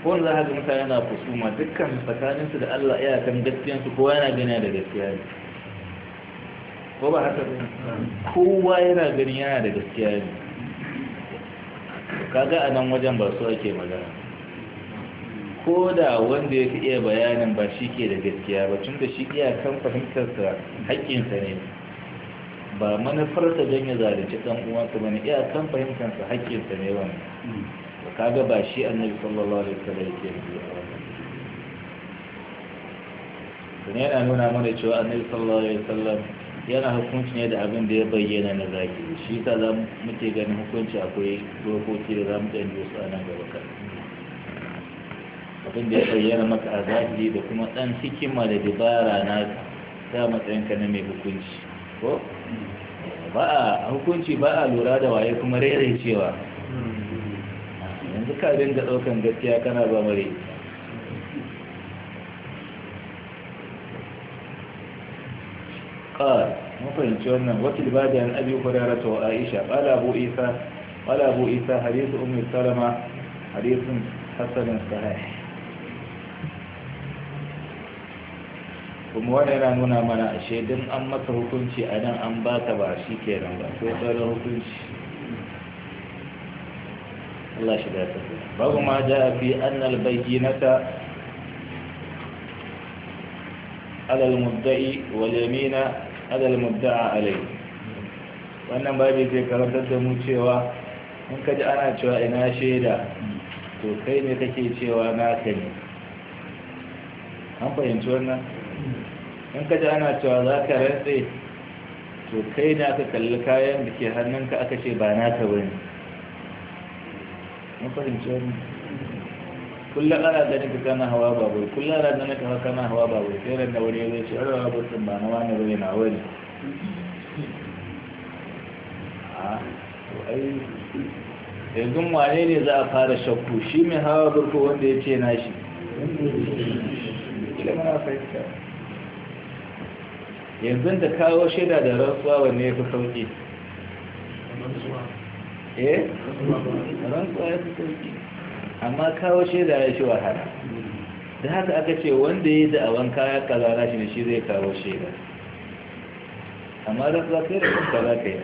kowane za ka ga mutane na kusuma dukkan tsakaninsu da Allah ya kan gaskiyansu kowa yana gani da gaskiya ne ko ba haka ba kowa yana gani yana da gaskiya ne kaga a nan wajen ba su ake magana ko da wanda ya fi iya bayanin ba shi ke da gaskiya ba tun da shi iya kan fahimtarsa haƙƙinsa ne ba manufarsa don ya zalunci ɗan uwansa ba ne iya kan fahimtansa haƙƙinsa ne wani ba ga ba shi annabi sallallahu alaihi wasallam yake yi a wannan yana nuna mana cewa annabi sallallahu alaihi wasallam yana hukunci ne da abin da ya bayyana na zaki shi ta za muke ganin hukunci akwai dokoki da za mu ɗan a nan gaba kan abin da ya bayyana maka a zaki da kuma ɗan hikima da dabara na ta matsayinka na mai hukunci ko ba a hukunci ba a lura da waye kuma rairai cewa yanzu kabin ga daukan gaskiya kana ba mare ƙar mafahimci wannan wakil ba da yan abi hurara ta wa aisha ɓala bu isa harisun umar salama harisun hassanin sahai kuma wani yana nuna mana ashe don an masa hukunci a nan an ba ta ba shi ke nan ba sai tsarin hukunci Allah shi da tafi babu ma ja a fi annal bayyinata alal mudda'i wal yamina alal mudda'a alai wannan babu zai karantar da mu cewa in ka ji ana cewa ina shaida to kai ne kake cewa na ka ne an fahimci wannan in ka ji ana cewa za ka rantse to kai ne aka kalli kayan da ke hannunka aka ce ba na ta wani mun fahimci wani kullum ana ganin ka kana hawa babur kullum ana ganin ka kana hawa babur sai ran da wani ya zai ce ana babur din ba na wani bane na wani a to yanzu wane ne za a fara shakku shi mai hawa burku wanda ya ce na shi ilimin afirka yanzu da kawo shaida da rantsuwa wanne ya fi sauki eh? rantsuwa ya fi sauki amma kawo shaida ya shi wahala da haka aka ce wanda ya yi da awon kaya kazara shi ne shi zai kawo shida amma rantsuwa kai da kanka za ka yi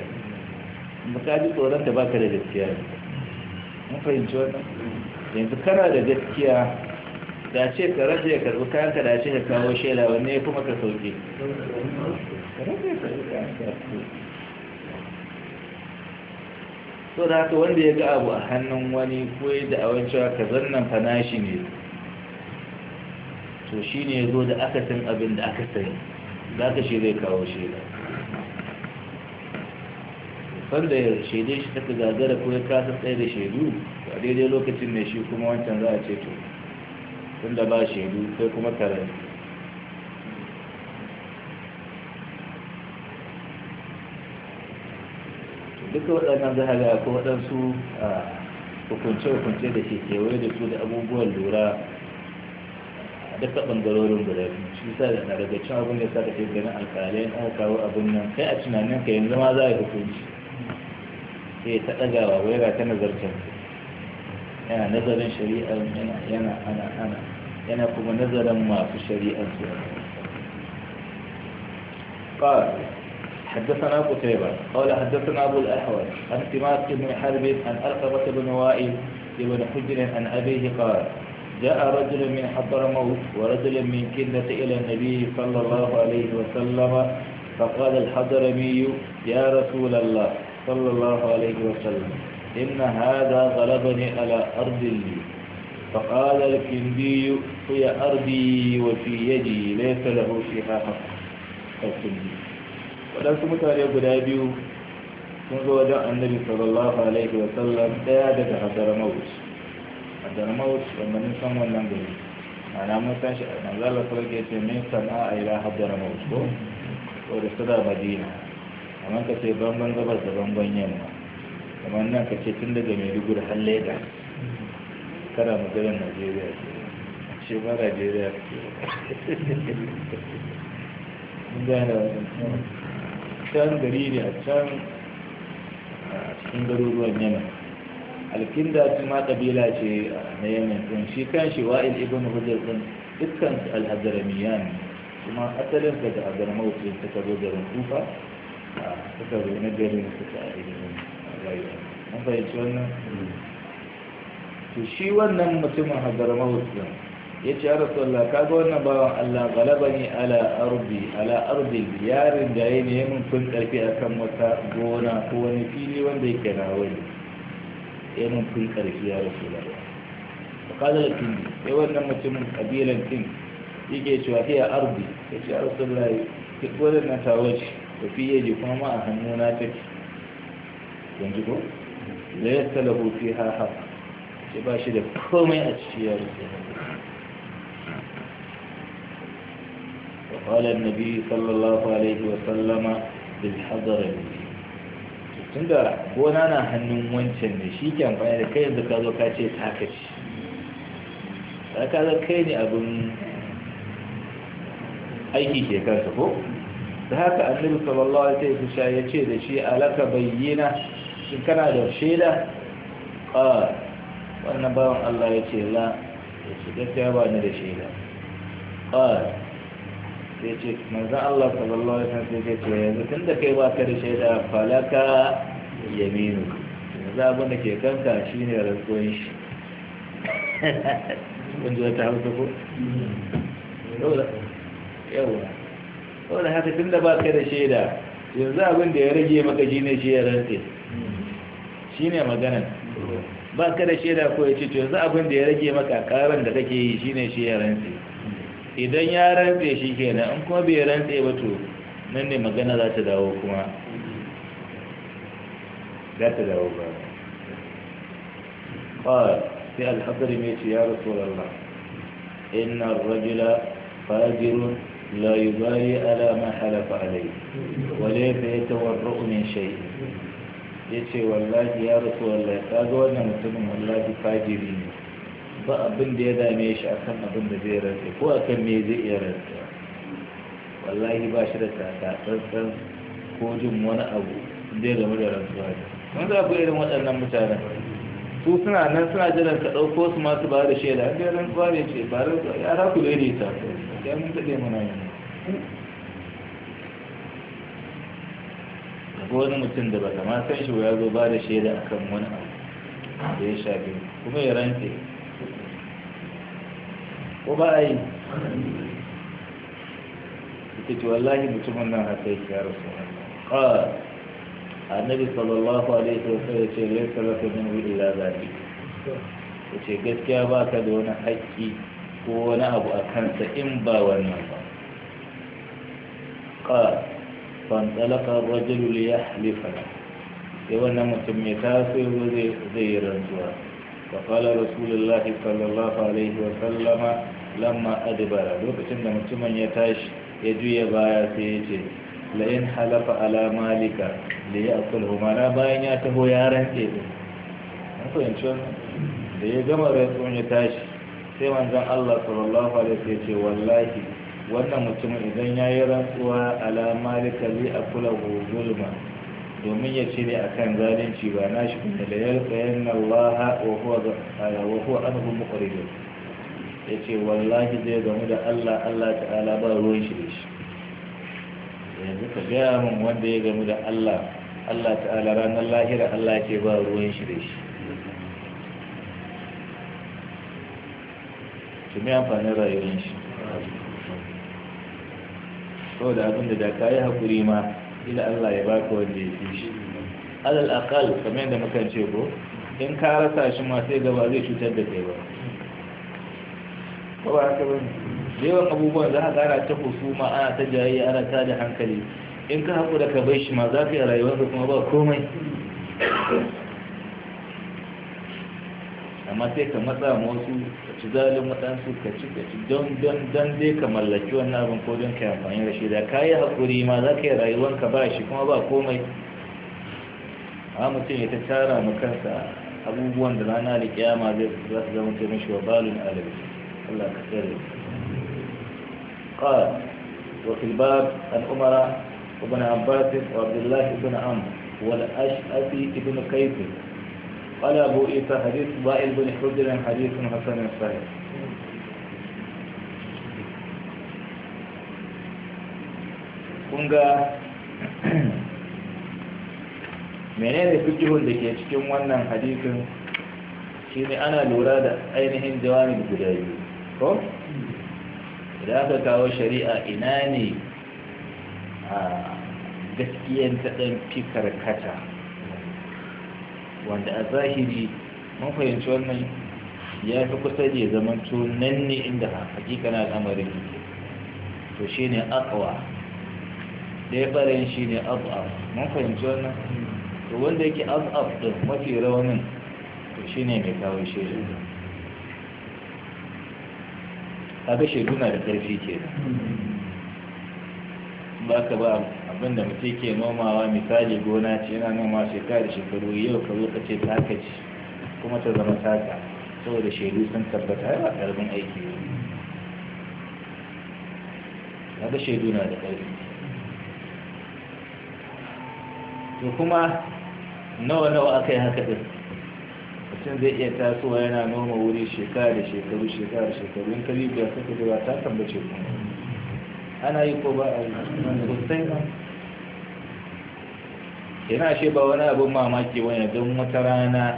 baka ji tsoron da baka da gaskiya ne mafahimci wannan yanzu kana da gaskiya da ce ka rage ya karbi kayanka ka da ce ka kawo shela wanne ya kuma ka sauke so da haka wanda ya ga abu a hannun wani ko ya da awancewa ka zannan fana shi ne to shi ne ya zo da san abin da aka sani za ka shi zai kawo shela wanda ya shaide shi ta gagara ko ya kasa tsaye da shaidu a daidai lokacin ne shi kuma wancan za a ce to tunda ba shaidu sai kuma karai duka waɗannan zahara ko waɗansu a hukunce-hukunce da ke kewaye da su da abubuwan lura a duka ɓangarorin guda biyu shi sa da daga cin abin da sa ganin alƙalai na kawo abin nan kai a tunanin ka yanzu ma za a hukunci sai ta ɗagawa wai ga ta nazarcin yana nazarin shari'a yana yana ana ana yana kuma nazarin masu shari'a su قال حدثنا قتيبة قال حدثنا أبو الأحوال عن سماك بن حرب عن أرقبة بن وائل بن حجر عن أبيه قال جاء رجل من حضرموت ورجل من كنة إلى النبي صلى الله عليه وسلم فقال الحضرمي يا رسول الله صلى الله عليه وسلم إن هذا غلبني على أرض لي فقال الكندي هي أرضي وفي يدي ليس له فيها حق الكندي ولكن تمتعني يقول دابيو منذ وجاء النبي صلى الله عليه وسلم دادة حضر موت حضر موت وما ننسان ولم بني معنى مستنش من ذلك الطريق يتمين سماء إلى حضر موت ورسدى مدينة ومن كسيبان بنزبت بنزبت بنزبت kamar nan ka ce tun daga maiduguri har leda tara magana najeriya ce ba najeriya ke da wannan can gari ne a can a cikin garuruwan yamen alkinda su ma kabila ce na yamen ɗin shi kan shi wa'il ibn hujjar ɗin dukkan su alhazaramiya ne kuma asalin daga azarmautin suka zo garin kufa suka zo na garin suka a ilimin bai an fahimci wannan to shi wannan mutumin hagar mahutsin ya ce ka ga wannan bawan allah galaba ne ala arbi ala arbi yarin da ya ne mun fin karfi akan wata gona ko wani fili wanda yake na wani ya mun fin karfi ya da ba kaga kin sai wannan mutumin kabilan kin yake cewa hiya arbi ya ce arasulla wannan na tawaci fiye ji kuma ma a hannuna take yanzu ko la yastalahu fiha haq shi ba shi da komai a cikin yaro وقال sallallahu alaihi الله عليه وسلم بالحضر tun da gona na hannun wancan ne shi ke amfani da kai yanzu ka zo ka ce ta ci ta ka zo kai ne abin aiki ke kansa ko da haka annabi sallallahu alaihi wasallam ya ce da shi alaka bayyana shin kana da shaida ƙawar wannan bawan Allah ya ce la ya ce gaskiya ba ni da shaida ƙawar sai ce manzan Allah sallallahu alaihi wasallam sai ce yanzu tun da kai ba baka da shaida falaka yaminu yanzu abin da ke kanka shine rantsuwan shi [LAUGHS] kun ji wata hausa ko yawa saboda haka tun da ba baka da shaida yanzu abin da ya rage maka shine shi ya rantse Shi ne maganar ba ka da shaida ko ya ce to yanzu abin da ya rage maka karan da kake yi shine shi ya rantse idan ya rantse shi kenan in kuma bai rantse ba to nan ne magana za ta dawo kuma za ta dawo ba mai ce ya rasu يا inna rajula fajirun la yubari ala ma halafa alai wale fa yata warra'u min شيء ya ce wallahi ya rasu wallahi ta ga wannan mutumin wallahi fajiri ne ba abin da ya dame shi akan abin da zai rantsa ko akan me zai iya rantsa wallahi ba shi da tsantsan ko jin wani abu zai game da rantsuwa ne mun za ku irin waɗannan mutanen su suna nan suna jiran ka ɗauko su masu ba da shaida an ga rantsuwa ne ce ba rantsuwa ya ra ku daidaita ya mun daɗe mana yanzu ko wani mutum da ba ma san shi ya zo ba da shaida a kan wani abu da ya shafi kuma ya rante ko ba a yi ita ce wallahi mutum wannan haka yake ya rasu ƙawar annabi sallallahu alaihi wa sallam ce lai salatu min illa zaki ya ce gaskiya ba ka da wani haƙƙi ko wani abu a kansa in ba wannan ba ƙawar فانطلق الرجل ليحلف يوانا متم يتاسي وزي رنسوا فقال رسول الله صلى الله عليه وسلم لما أدبر لوكتن متم يتاش يجوي بايا سيجي لئن حلف على مالك ليأكله مانا باين ياته يارن كيدي أنتو ينشون da ya gama rantsuwan ya tashi sai manzon Allah sallallahu alaihi wasallam ya ce wallahi wannan mutumin idan ya yi rantsuwa alama da zai a kula zulma domin ya cire a kan zalunci ba na shi kuma da ya tsayen na allaha wa huwa an hu mukarrijo ya ce wallahi zai gamu da allah allah ta'ala ba ruwan shi da shi yanzu ka gaya min wanda ya gamu da allah allah ta'ala ranar lahira allah ke ba ruwan shi da shi tumi amfanin rayuwar shi saboda abin da da kayi hakuri ma ila Allah ya baka wanda ya fi shi alal aqal kamar yadda muka ce ko in ka rasa shi ma sai gaba zai cutar da kai ba ko ba ka bane yawan abubuwan za ka gara ta husuma ana ta jayayya ana ta da hankali in ka haƙura ka bai shi ma za ka yi rayuwarsa kuma ba komai amma sai ka matsa motsu ka ci zalin waɗansu ka ci ka ci don don don dai ka mallaki wannan abin ko don ka yi amfani da shi da ka yi haƙuri ma za ka yi rayuwanka ba shi kuma ba komai a mutum ya ta tara ma kansa abubuwan da rana da kiyama zai za su zama taimashi wa balun alabi Allah ka tsare قال وفي الباب عن عمر وابن عباس وعبد الله بن عمرو والأشعثي بن كيف قال أبو إيسى حديث وائل بن حجر حديث حسن صحيح kunga menene fikihun da ke cikin wannan hadisin ne ana lura da ainihin jawabin guda biyu ko idan aka kawo shari'a ina ne a gaskiyan ta ɗan kata? karkata wanda a zahiri mun fahimci wannan ya fi kusa da zaman nan ne inda hakika al'amarin al'amari to shi ne akawa ɗaya ɓarayin shi ne azab mun fahimci wannan to wanda yake azab da mafi raunin to shi ne mai kawo shaidu kaga shaidu na da ƙarfi ke ba ka ba abin da mutum ke nomawa misali gona ce yana noma shekara da shekaru yau ka zo ka ce taka ce kuma ta zama taka saboda shaidu sun tabbata yawa ƙarfin aiki ne ga shaidu na da ƙarfi to kuma nawa nawa aka yi haka ɗin mutum zai iya tasowa yana noma wuri shekara da shekaru shekara da shekaru in ka bibiya suka zuwa ta tambace kuma ana yi ko ba a yi sosai ba yana ashe ba wani abin mamaki wani don wata rana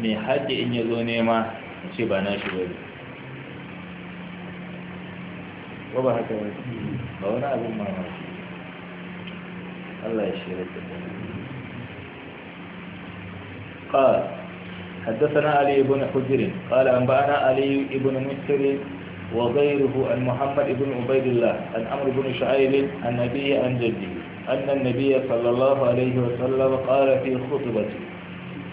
mai haɗe in yi zo nema ce ba na shi wani ko ba haka wani ba wani abin mamaki Allah ya shirya da قال حدثنا علي بن حجر قال أنبأنا علي بن مسر وغيره عن محمد بن عبيد الله عن عمرو بن شعيب عن نبي عن جده أن النبي صلى الله عليه وسلم قال في خطبته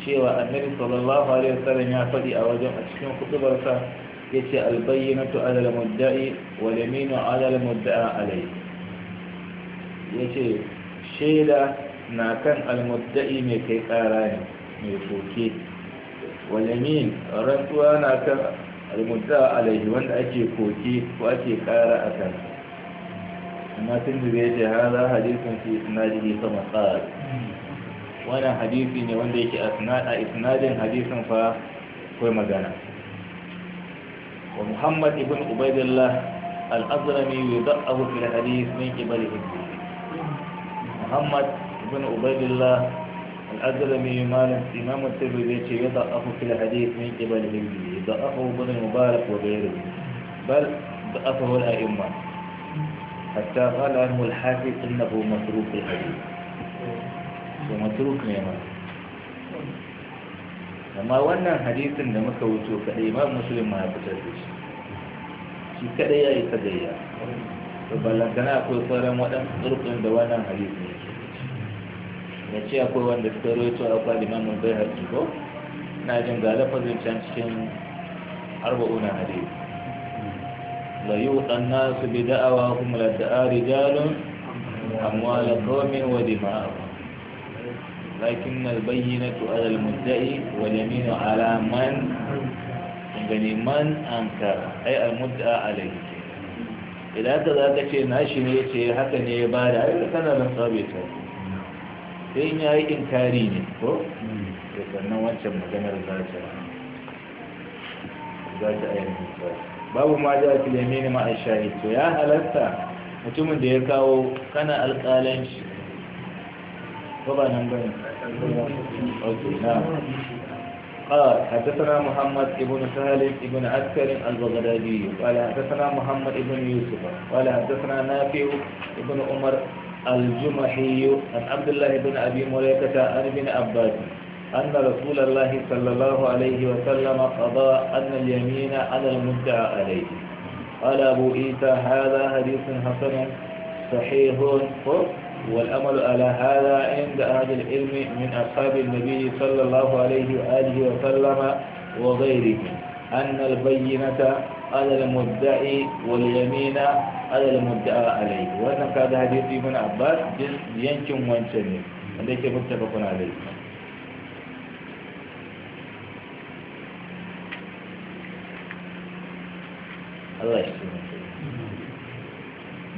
شيء النبي صلى الله عليه وسلم يعفدي أوجه أشكين خطبته يتي البينة على المدعي واليمين على المدعى عليه يتي شيلة ناكن المدعي مكي قاراني ميفوكي واليمين رنتوانا كان almunta alaihi wanda ake koki ko ake kara a kan amma tun da zai ce hada hadisin fi isnadihi sama tsar wannan hadisi ne wanda yake a isnadin hadisin fa kai magana wa muhammad ibn ubaidillah al-azrami yudha'ahu fil hadith min qibalihi muhammad ibn ubaidillah الأدلمي يمارس إمام الترمذي التي يضعه في الحديث من قبل همي يضعه ابن المبارك وغيره بل ضعفه الأئمة حتى قال عنه الحافظ أنه متروك الحديث ومتروك نعمة لما وانا حديث ان مكوتو فالإمام مسلم ما يبتدش شي كده يا يتدي يا فبالا كنا أقول صارم وانا مطرق ان دوانا حديث نعمة yace ce akwai wanda suka roito a kwa limamin bai ko na jin ga lafazin can cikin arba'una hadisi la yuɗan nasu bi da'awa kuma la da'a rijalun amwala qaumin wa dima'ahum لكن البينة على المدعي واليمين على من يعني من أنكر ka المدعى عليه إذا أنت ذاك شيء ناشي نيتي حتى da إذا كان من صابيته sai in yayi inkari ne ko sai eh, sannan wancan maganar za ta za ta ayyanta babu ma ja fi yamin ma aishari to ya halatta mutumin da ya kawo kana alƙalanci ko ba nan bane okay na قال حدثنا محمد بن سهل بن عسكر البغدادي قال حدثنا محمد بن يوسف قال حدثنا نافع بن عمر الجمحي عن عبد الله بن أبي مليكة عن ابن عباس أن رسول الله صلى الله عليه وسلم قضى أن اليمين على المدعى عليه قال أبو إيسى هذا حديث حسن صحيح والأمل على هذا عند أهل العلم من أصحاب النبي صلى الله عليه وآله وسلم وغيرهم أن البينة على المدعي واليمين على المدعى عليه وانا كذا حديث ابن عباس ينكم وانسني عندك متفق عليه الله يسلمك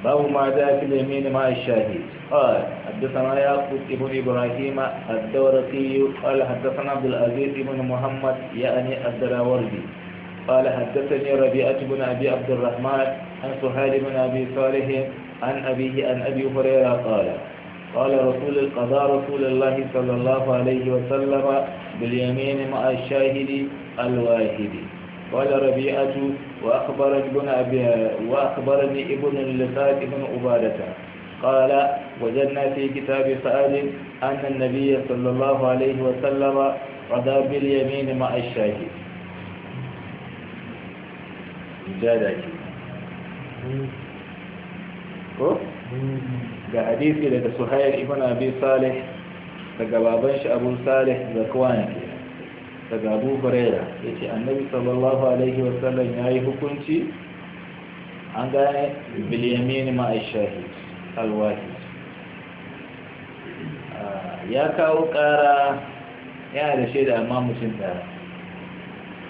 باب ما جاء في اليمين مع الشاهد قال حدثنا يعقوب بن ابراهيم الدورقي قال حدثنا عبد العزيز بن محمد يعني الدراوردي قال حدثني ربيعة بن أبي عبد الرحمن عن سهيل بن أبي صالح عن أبيه عن أبي هريرة قال قال رسول قضى رسول الله صلى الله عليه وسلم باليمين مع الشاهد الواحد قال ربيعة وأخبرني ابن أبي وأخبرني ابن اللسات بن عبادة قال وجدنا في كتاب سعد أن النبي صلى الله عليه وسلم قضى باليمين مع الشاهد sujada ke ko ga hadisi daga suhayar ibn abi salih daga baban shi abu salih zakwan ke daga abu huraira yace annabi sallallahu alaihi wasallam yi hukunci an gane biliyamin ma'ashahi alwahi ah, ya kawo kara yana da shaida amma mutum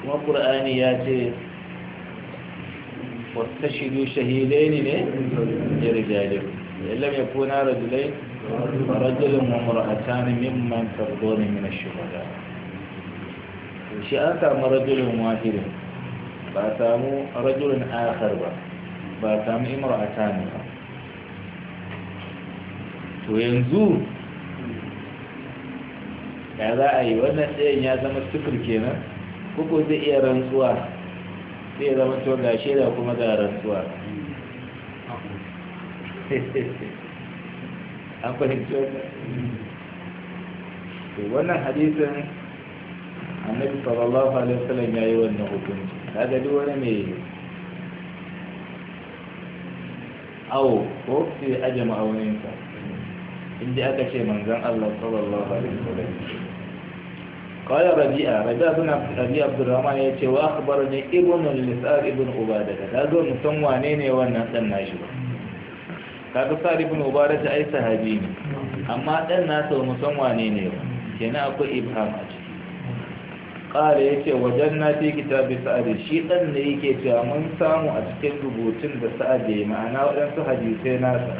kuma ƙur'ani ya ce واستشهدوا شهيدين لرجالكم إن لم يكونا رجلين فرجل وامرأتان ممن ترضون من الشهداء وشي أم رجل واحد باتامو رجل آخر با امرأتان وينزو ya أي a yi wannan tsayin ya zama sufur kenan kuku zai sai zama to ga shaida kuma ga rantsuwa an fahimci wannan hadisin annabi sallallahu alaihi wasallam yi wannan hukunci kaga duk wani mai awo ko sai aje ma'auninsa inda aka ce manzon Allah sallallahu alaihi wasallam qala rabi'a rabi'a suna rabi'a abdurrahman ya ce wa ka bar ni ibn al-lisar ibn ubadah ta zo mu san wane ne wannan dan nashi ka ga sar ibn ubadah ai sahabi ne amma dan nasa mu san wane ne wa kenan akwai ibrahim a ciki ya qala yace wa jannati kitabi sa'ad shi dan ne yake cewa mun samu a cikin rubutun da sa'ad ya yi ma'ana wadansu hadisi nasa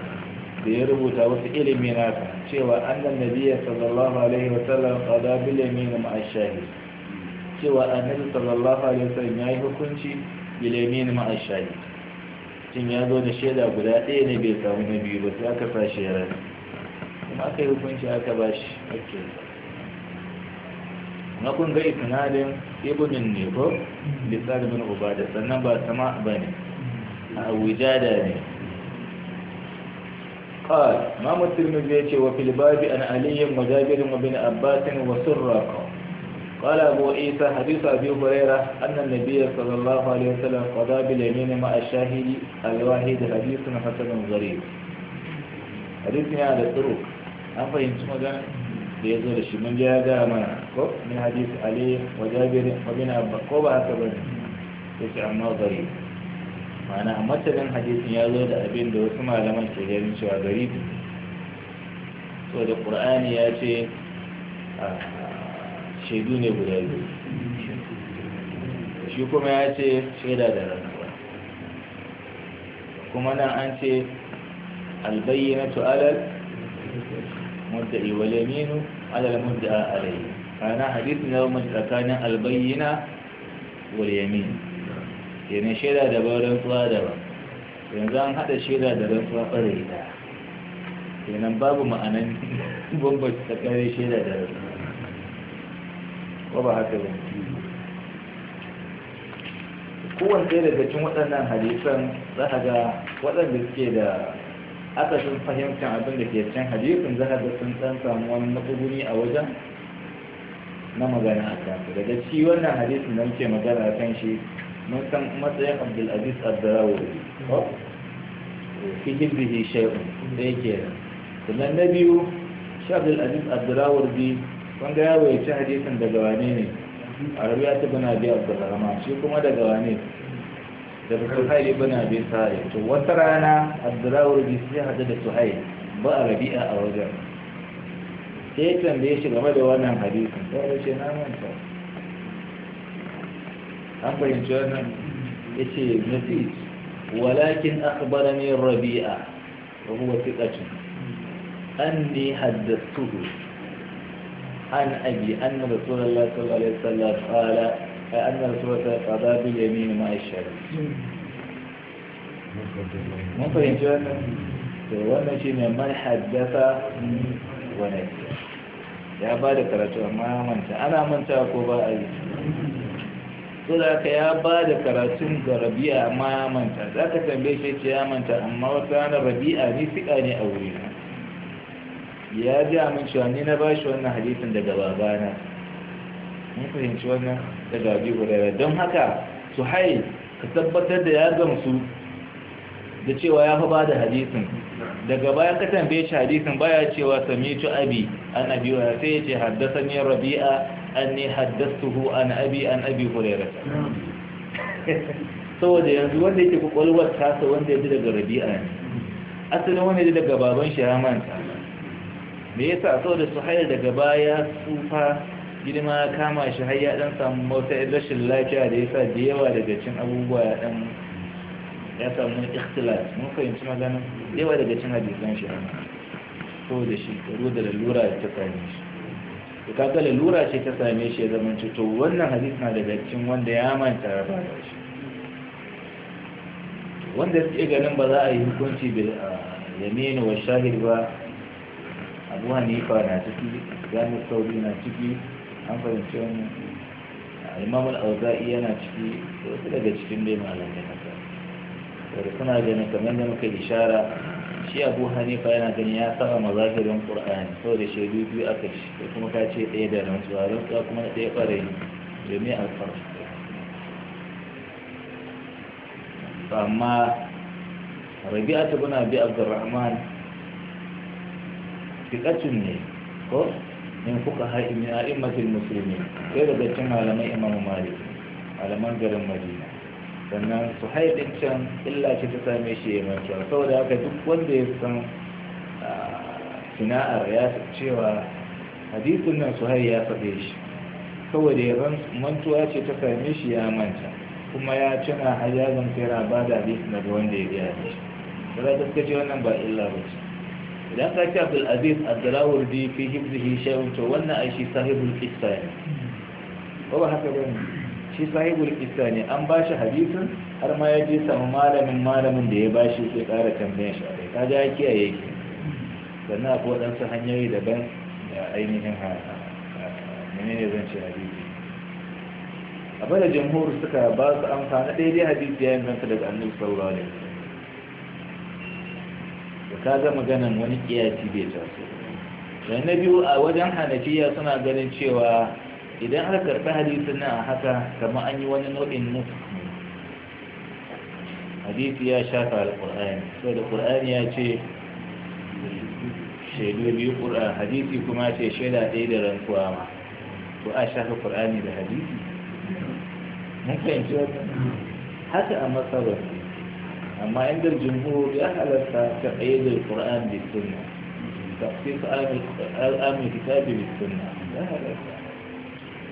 da ya rubuta wasu ilimi nasa cewa annan Nabiya sallallahu alaihi wa sallam qada bil yamin ma cewa annabi sallallahu alaihi wa sallam yayi hukunci bil yamin ma ashahid ya zo da shaida guda ɗaya ne bai samu na biyu ba sai aka sa shi ran kuma aka yi hukunci aka ba shi ake na kun ga isnadin ibnin ne ko da min ubada sannan ba sama ba ne a wujada ne قال ما مثل مزيتي وفي الباب أن علي وجابر وابن أباس وسراق قال ابو عيسى حديث ابي هريره ان النبي صلى الله عليه وسلم قضى باليمين مع الشاهد الواحد حديث حسن غريب حديث هذا الطرق an fahimci magana da ya zo da shi mun ya gaya mana ko min hadith ali wa jabir wa Mana a matsalin hadisin ya zo da abin da wasu malaman ke ganin cewa gari so da ƙur'ani ya ce a shaidu ne guda biyu shi kuma ya ce shaida da rantsuwa kuma nan an ce albayyana tu'alal mudda'i wal yaminu alal mudda'a alayhi ana hadisi na tsakanin albayyana wal yamin kenan shaida daban rantsuwa daban yanzu an haɗa shaida da rantsuwa ɓarayi ita kenan babu ma'anan [LAUGHS] bambanci tsakanin shaida da rantsuwa ko ba haka ba kowane ɗaya daga cikin waɗannan hadisan za a ga waɗanda suke da aka sun fahimtar abin da ke can hadisin za a ga sun ɗan samu wani matsuguni a wajen na magana a kansu daga ci wannan hadisin da muke magana a kan shi mun matsayin abdulaziz addarawuri fi hibbihi shay'un da yake sannan na biyu shi abdulaziz addarawuri wanda ya wayace hadisin daga wane ne arabiya ta bana biya abdulrahman shi kuma daga wane daga suhaili bana biya sare to wata rana addarawuri sai hada da su suhaili ba a rabi'a a wajen sai ya tambaye shi game da wannan hadisin sai ya ce na manta an fahimci wannan ya ce nafis walakin akbarani rabi'a wa huwa fiqatun anni haddathuhu an abi anna rasulullah sallallahu alaihi wasallam qala anna rasulullah qada bil yamin ma ashara mun fahimci wannan to wannan shine man haddatha wa ya ba da karatu amma manta ana manta ko ba a yi so da ka ya ba da karatun da rabi'a amma ya manta za ka tambaye shi ce ya manta amma wata ranar rabi'a ni fiƙa ne a wuri na ya ji amin cewa ni na ba shi wannan hadisin daga babana mun fahimci wannan daga abi hurairar don haka su hai ka tabbatar da ya gamsu da cewa ya fi ba da hadisin daga baya ka tambaye shi hadisin baya cewa sami abi an abi wa sai ya ce haddasa ni rabi'a anni haddastuhu an abi an abi hurairah saboda yanzu wanda yake kwakwalwar tasa wanda ya ji daga rabi'a ne asalin wanda ya ji daga baban shi ya manta me yasa saboda su hayar daga baya tsufa girma kama shi har ya dan samu wata rashin lafiya da ya yasa da yawa daga cin abubuwa ya dan ya samu ikhtilas mun fahimci maganin yawa daga cin hadisan shi saboda shi karo da lura da ta same shi to kaga lalura ce ta same shi ya zama to wannan hadisi na daga cikin wanda ya manta ya da shi wanda suke ganin ba za a yi hukunci bil yaminu wa shahid ba abu hanifa na ciki gani sauri na ciki an fahimci wannan imamul auza'i yana ciki wasu daga cikin dai malamai haka da suna ganin kamar da muka ishara shi abu hanifa yana ganin ya saba mazahirin qur'ani saboda shaidu biyu aka ci ko kuma ka ce ɗaya da rantsuwa rantsuwa kuma na ɗaya ɓarayi domin alfar amma rabi'a ta guna bi abdurrahman fiƙatun ne ko in kuka haɗi a a'immatul musulmi sai daga cin malamai imamu malik malaman garin madina sannan su haidin can illa ce ta same shi ya kyau saboda haka duk wanda ya san sina'ar ya cewa hadisun nan su ya faɗe shi saboda ya mantuwa ce ta same shi ya manta kuma ya tuna har ya zanta yana ba da hadisun da wanda ya biya da shi da gaske ce wannan ba illa ba ce idan ka ce abdulaziz abdulawar di fi hibzihi shayun to wannan aishi sahibul kissa ne Ba ba haka ba ne shi sahibul isa ne an ba shi hadisin har ma ya je samu malamin malamin da ya ba shi sai ƙara tambayan shi a ka ga ya kiyaye ki sannan akwai waɗansu hanyoyi daban da ainihin menene zan ce hadisi abin da jamhur suka ba su amfani daidai hadisi ya inganta daga annabi sallallahu alaihi wasallam ka ga maganan wani kiyaci bai taso da na biyu a wajen hanafiya suna ganin cewa idan aka karɓi hadisin nan a haka kama an yi wani nau'in nufi hadisi ya shafa alƙur'ani sau da ƙur'ani ya ce shaidu biyu ƙura hadisi kuma ce shaida ɗaya da rantsuwa ma to a shafa ƙur'ani da hadisi mun fahimci wata haka a matsalar amma inda jumhur ya halatta ta ɗaya da ƙur'ani da sunna tafsir al'amin kitabi da sunna ya halatta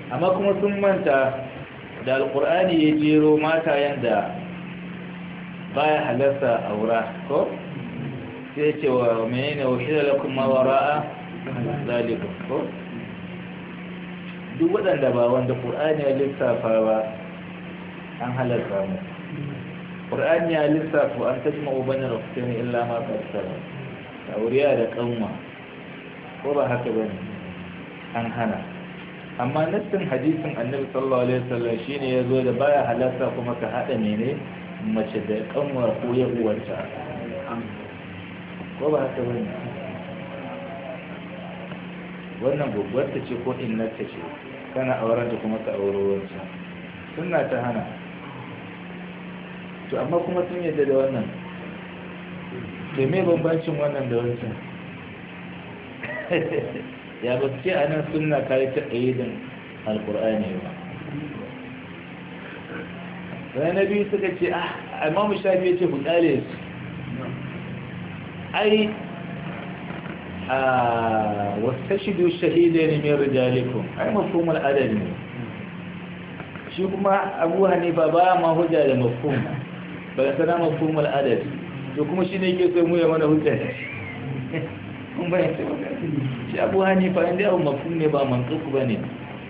amma kuma sun manta da alkur'ani ya jero mata yadda ba ya baya a wura ko sai ce wa menene wa hidala kuma a zalibu ko duk waɗanda ba wanda ƙur'ani ya lissafa ba an halarta mu ƙur'ani ya lissafa an tajma ubanin rafisani illa ma ƙasara a wuriya da ƙanwa ko ba haka ba ne an hana amma nassin hadisin annabi sallallahu alaihi wasallam shine yazo da baya halatta kuma ka hada mene mace da kanwa ko uwarta ko ba haka wani wannan gobbar ta ce ko innar ta ce kana auren ta kuma ka auro wancan sunna ta hana to amma kuma sun yadda da wannan to me bambancin wannan da wancan [LAUGHS] ya ba ce a nan suna kare ta ƙayyadin alƙur'ani ba sai na biyu suka ce a ah, imamu shafi ya ce ku ƙare su ai a wasu shidu shahidai ne mai rijalikun ai mafumar adal ne shi kuma abu hanifa ba ma hujja da mafhum ba da sana mafhum adal to kuma shi ne ke sai mu ya mana hujja kun ce shi abu hanifa inda abu mafhum ne ba mantuku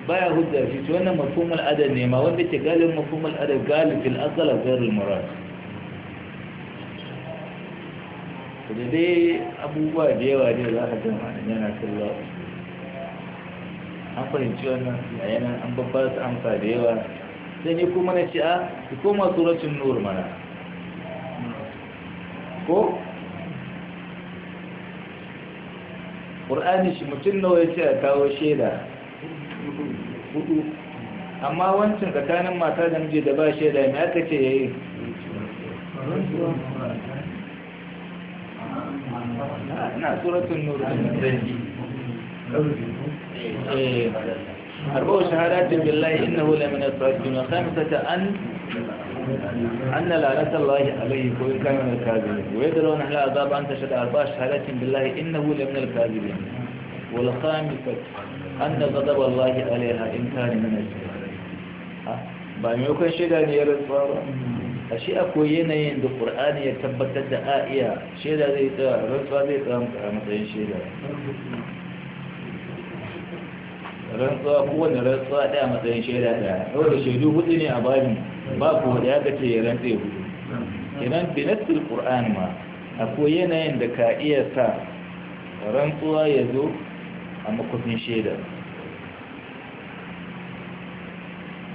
ba ya hujja shi to wannan mafhumul adad ne ma wanda ke galibin mafhumul adad galib fil asl ghayr da dai abubuwa da yawa da za ka ga ma'anin yana kallo an fahimci wannan yana an babbar su amsa da yawa sai ne kuma na ci a ah, ki koma suratun nur mana ko ƙur'ani shi mutum nawa ya ce a kawo shaida hudu amma wancan tsakanin mata da miji da ba shaida mai aka ce ya yi na tsoratun nuru أربع hula بالله إنه لمن الصادقين خامسة an. أن لعنة الله عليه وإن كان من الكاذبين ويدرون أهل عذاب أن تشهد أربع شهادات بالله إنه لمن الكاذبين والخامسة أن غضب الله عليها إن كان من الكاذبين ba mai kun shaida ne ya rantsuwa ba a shi akwai yanayin da ƙur'ani ya tabbatar da a iya shaida rantsuwa kowane rantsuwa ɗaya matsayin shaida ɗaya saboda shaidu hudu ne a bani ba ku da ya kace ya rantse hudu idan binatul qur'an ma akwai yanayin da ka iya sa rantsuwa ya zo a makofin shaida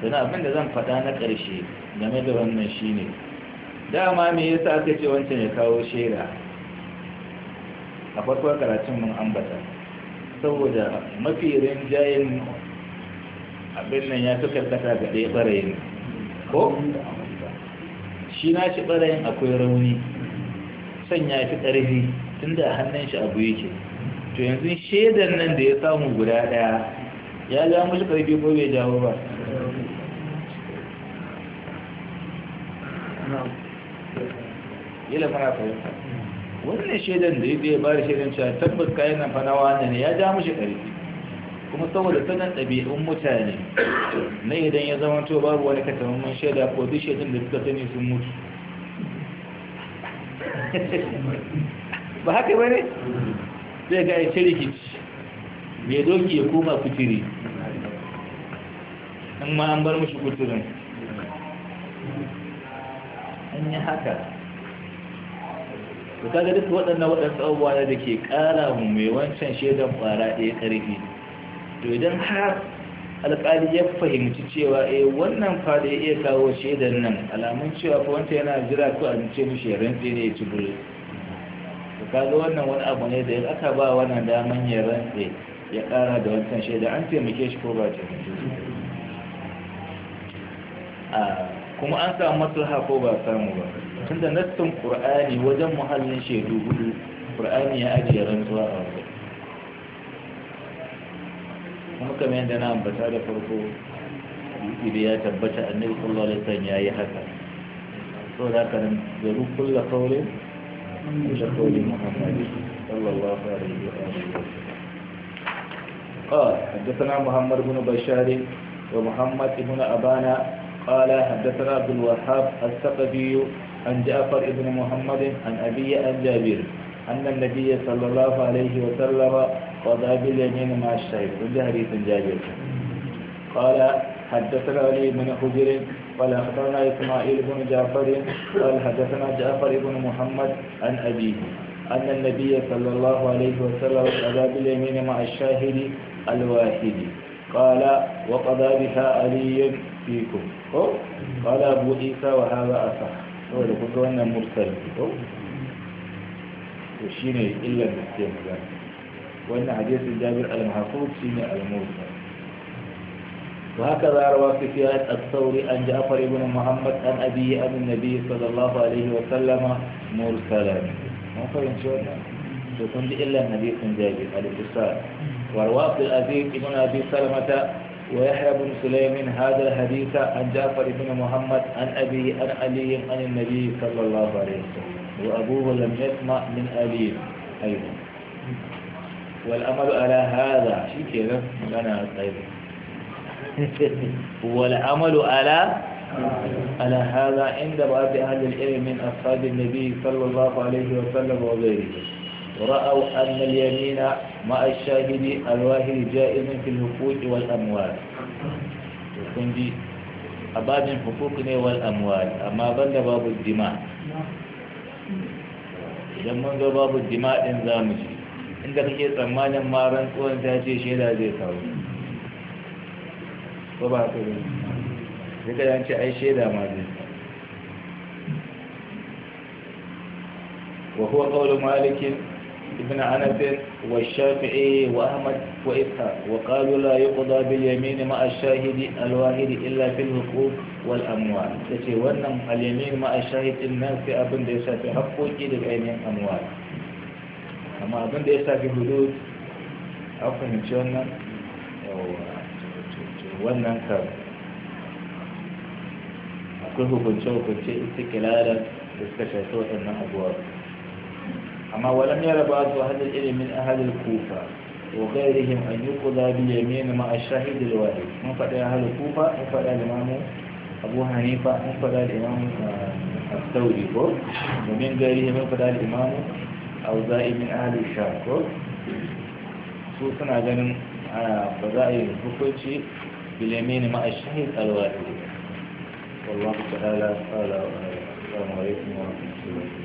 sana abin da zan faɗa na ƙarshe game da wannan shine dama me yasa aka ce wancan ya kawo shaida a farkon karatun mun ambata saboda mafi rinjayen abin nan ya fi karkata ga ɗaya ɓarayin ko shi na shi ɓarayin akwai rauni sanya ya fi ƙarfi tun da hannun shi abu yake to yanzu shaidan nan da ya samu guda ɗaya ya ga mashi ƙarfi ko bai jawo ba yi lafana fahimta wannan shaidan da ya ba da shaidan cewa tabbas kayan nan na wani ne ya ja mashi ƙarfi kuma saboda sanin ɗabi'un mutane na idan ya zama to babu wani katamman shaida ko duk shaidan da suka sani sun mutu ba haka bane zai ga ya ci rikici mai doki ya koma kuturi in ma an bar mashi kuturin an yi haka to kaga duk waɗannan waɗansu abubuwa ne da ke ƙara mu mai wancan shaidan ƙwara ɗaya ƙarfi to idan har alƙali ya fahimci cewa eh wannan fa da ya iya kawo shaidan nan alamun cewa fa wancan yana jira ko an ce mishi ya rantse ne ya ci bulu to kaga wannan wani abu ne da aka ba wannan daman ya rantse ya ƙara da wancan shaidan an taimake shi ko ba taimake shi ah, kuma an samu maslaha ko ba samu ba tunda nassin qur'ani wajen muhallin shaidu hudu qur'ani ya ajiye rantsuwa a wajen kuma kamar yadda na ambata da farko ibi ya tabbata annabi sallallahu alaihi wasallam yayi haka so da haka nan zaru kullu qawlin da qawli muhammad sallallahu alaihi wasallam قال حدثنا محمد بن بشار ومحمد بن أبانا قال حدثنا عبد الوهاب الثقفي عن جعفر بن محمد عن أبي عن جابر أن النبي صلى الله عليه وسلم قضى باليمين مع الشيخ وده حديث جابر قال حدثنا علي بن حجر قال أخبرنا إسماعيل بن جعفر قال حدثنا جعفر بن محمد عن أبيه أن النبي صلى الله عليه وسلم قضى باليمين مع الشاهد الواحد قال وقضى بها علي فيكم قال أبو عيسى وهذا أصح saboda kuka wannan mursal illar da suke wannan jabir al al-mursal وهكذا روى سفيان الثوري عن جعفر بن محمد عن ابي عن النبي صلى الله عليه وسلم مرسلا ما ان شاء الله. إلا النبي جابر عليه السلام وروى في الأزيز ابن أبي سلمة ويحيى بن سليم هذا الحديث عن جعفر بن محمد عن أبي عن علي عن النبي صلى الله عليه وسلم وأبوه لم يسمع من علي أيضا والأمل على هذا شيء كذا أنا أيضا طيب. [LAUGHS] والعمل على على هذا عند بعض أهل العلم من أصحاب النبي صلى الله عليه وسلم وغيره رأوا أن اليمين مع الشاهد الواهر جائز في الحقوق والأموال وكنجي أباد الحقوق والأموال أما بند باب الدماء idan mun zo babu jima'in za mu ci. inda kake tsammanin maran tsohon ta ce shaida zai kawo ko ba ka yi zai ka ce ai shaida ma zai wa kuwa ƙaunar malikin ابن عنف والشافعي وأحمد وإسحاق وقالوا لا يقضى باليمين مع الشاهد الواحد إلا في الوقوف والأموال تشي ونم اليمين مع الشاهد الناس في أبن ديسا في حقه إلى أموال أما أبن ديسا في حدود أفهم من شونا ونم كم أكله كنشو كنشي استكلالا استشعتوه أنه أبواب amma walam yara ba su hadar ilimin a hadar kufa wa gairihim an yi kula bi ya mena ma a shahidar wahi mun faɗa a hadar kufa mun faɗa da mamu abu hanifa mun faɗa da imamu a sauri ko domin gari mun faɗa da imamu a za'i min ahli sha ko su suna ganin a ba za a yi hukunci bilemini ma a shahid alwari wallahu ta'ala sallallahu alaihi wa sallam